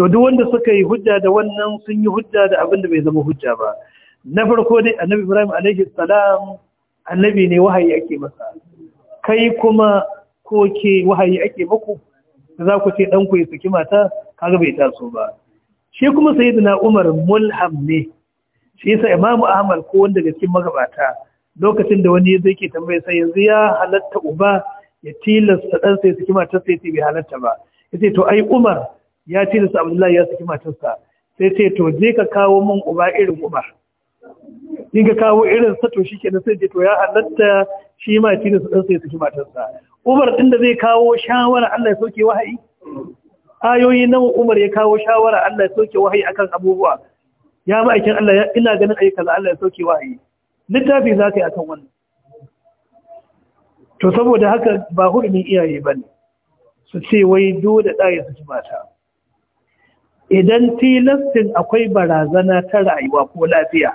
to duk wanda suka yi hujja da wannan sun yi hujja da abin da bai zama hujja ba na farko dai annabi ibrahim alaihi salam annabi ne wahayi ake masa kai kuma ko ke wahayi ake maku za ku ce ɗanku ya saki mata kaga bai taso ba shi kuma sayyidina umar mulham ne shi yasa imamu ahmad ko wanda daga cikin magabata lokacin da wani zai ke tambaye sai yanzu ya halatta uba ya tilasta ɗan sai saki mata sai ce bai halatta ba yace to ai umar ya tilasta abdullahi ya saki matarsa sai ce to je ka kawo min uba irin umar in ka kawo irin sato shi kenan sai to ya halatta shi ma shi da su dan sai su matarsa Umar din da zai kawo shawara Allah ya soke wahayi ayoyi nawa Umar ya kawo shawara Allah ya soke wahayi akan abubuwa ya ma'aikin Allah ya ina ganin ayi kaza Allah ya soke wahayi littafi za ka yi akan wannan to saboda haka ba hurumin iyaye bane su ce wai dole da ya saki mata idan tilastin akwai barazana ta rayuwa ko lafiya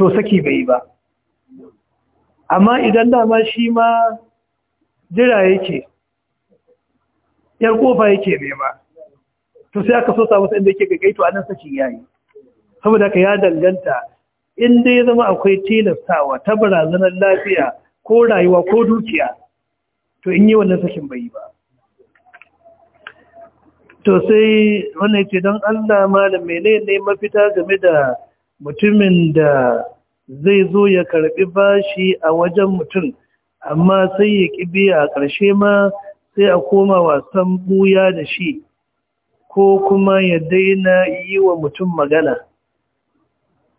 to saki bai ba amma idan dama shi ma jira yake yar kofa yake ba, to sai aka so samu sai inda yake gagaito anan saki yayi saboda ka ya danganta in dai ya zama akwai tilastawa ta barazanar lafiya ko rayuwa ko dukiya to in yi wannan sakin bai ba to sai wannan ce don Allah malam menene mafita game da mutumin da zai zo ya karbi bashi a wajen mutum amma sai ya kibi a ƙarshe ma sai a koma wasan buya da shi ko kuma ya daina yi wa mutum magana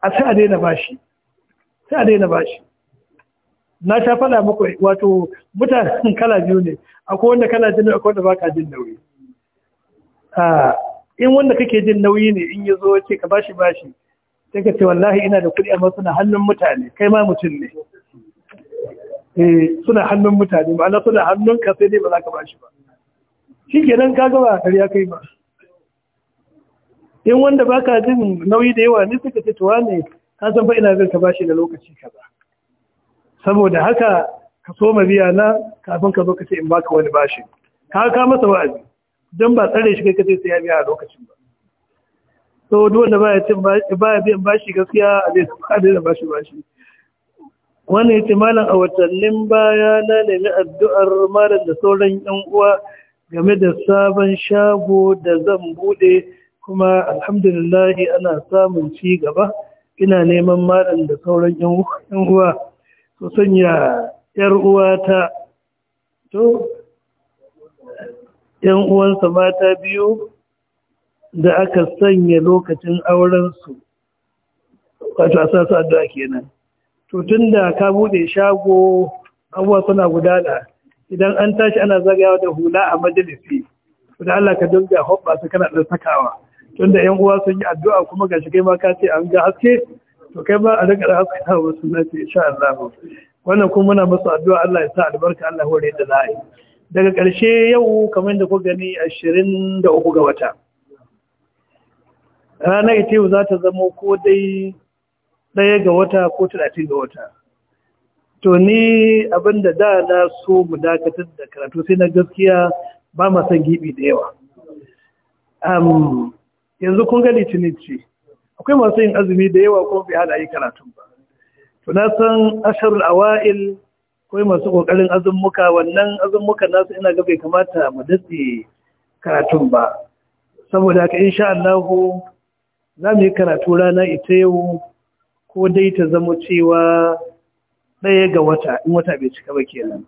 a sai a daina bashi sai a daina bashi na sha fada muku wato mutanen kala biyu ne akwai wanda kana jin akwai wanda baka jin nauyi ah, in wanda kake jin nauyi ne in ya zo ce ka bashi bashi take ka ce wallahi ina da kuɗi amma suna hannun mutane kai ma mutum ne eh suna hannun mutane ma'ana suna hannun ka sai dai ba za ka bashi ba shi kenan ka gaba kariya kai ba in wanda baka jin nauyi da yawa ne suka ce to wane ka san fa ina zan ka bashi da lokaci kaza saboda haka ka so ma biya na kafin ka zo ka ce in baka wani bashi ka ka masa wa'azi dan ba tsare shi kai ka ce sai ya biya a lokacin ba so duk wanda baya cin baya biyan bashi gaskiya a zai da bashi bashi wannan yace malam a watannin baya na nemi addu'ar malam da sauran yan uwa game da sabon shago da zan bude kuma alhamdulillah ana samun ci gaba ina neman malam da sauran yan uwa so sanya yar uwa ta to yan uwansa mata biyu da aka sanya lokacin aurensu wato a addu'a kenan to tun da ka buɗe shago abuwa suna gudana idan an tashi ana zagayawa da hula a majalisi to da Allah ka dinga hoɓɓa su kana sakawa tun da ‘yan uwa sun yi addu'a kuma gashi kai ma ka ce an ga haske to kai ma a daga haske ta wasu na ce insha Allah wannan kuma muna musu addu'a Allah ya sa albarka Allah hore da lai daga ƙarshe yau kamar da ku gani ashirin da uku ga wata ranar ita yau za ta zama ko dai ɗaya ga wata ko talatin ga wata to ni abin da da na so mu dakatar da karatu sai na gaskiya ba ma son gibi da yawa yanzu kun ga litinin ce akwai masu yin azumi da yawa ko bai hada yi karatu ba to na san asharul awa'il akwai masu kokarin azummuka wannan azummuka nasu ina ga bai kamata mu datse karatun ba saboda haka insha Allah za mu yi karatu rana ita yau ko dai ta zama cewa ɗaya ga wata in wata bai cika ba kenan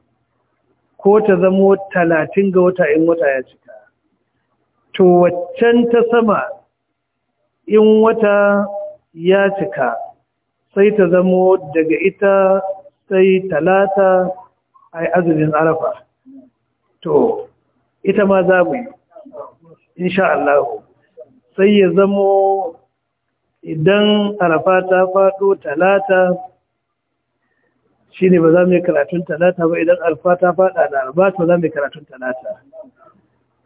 ko ta zama talatin ga wata in wata ya cika to waccan ta sama in wata ya cika sai ta zama daga ita sai talata a azumin arafa to ita ma za mu yi insha'allahu sai ya zamo idan arafa ta faɗo talata shi ne ba za mu yi karatun talata ba idan arafa ta faɗa da arafa ta za mu yi karatun talata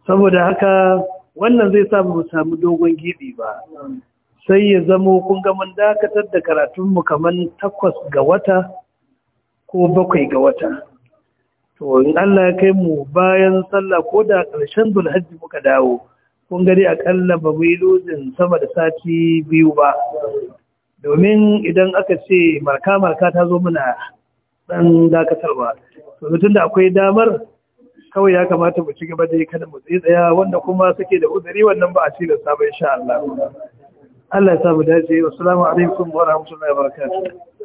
saboda haka wannan zai sa mu samu dogon giɓi ba sai ya zamo kun ga mun dakatar da karatunmu kamar takwas ga wata ko bakwai ga wata to in Allah ya kai mu bayan sallah ko da ƙarshen zulhajji muka dawo kun gari akalla ba mu yi lojin sama da sati biyu ba domin idan aka ce marka-marka ta zo muna ɗan dakatarwa mutum da akwai damar kawai ya kamata mu ci gaba da kada mu tsaye tsaya wanda kuma suke da uzuri wannan ba a ci da sabon sha Allah Allah ya samu dace assalamu alaikum wa rahmatullahi wa barakatuh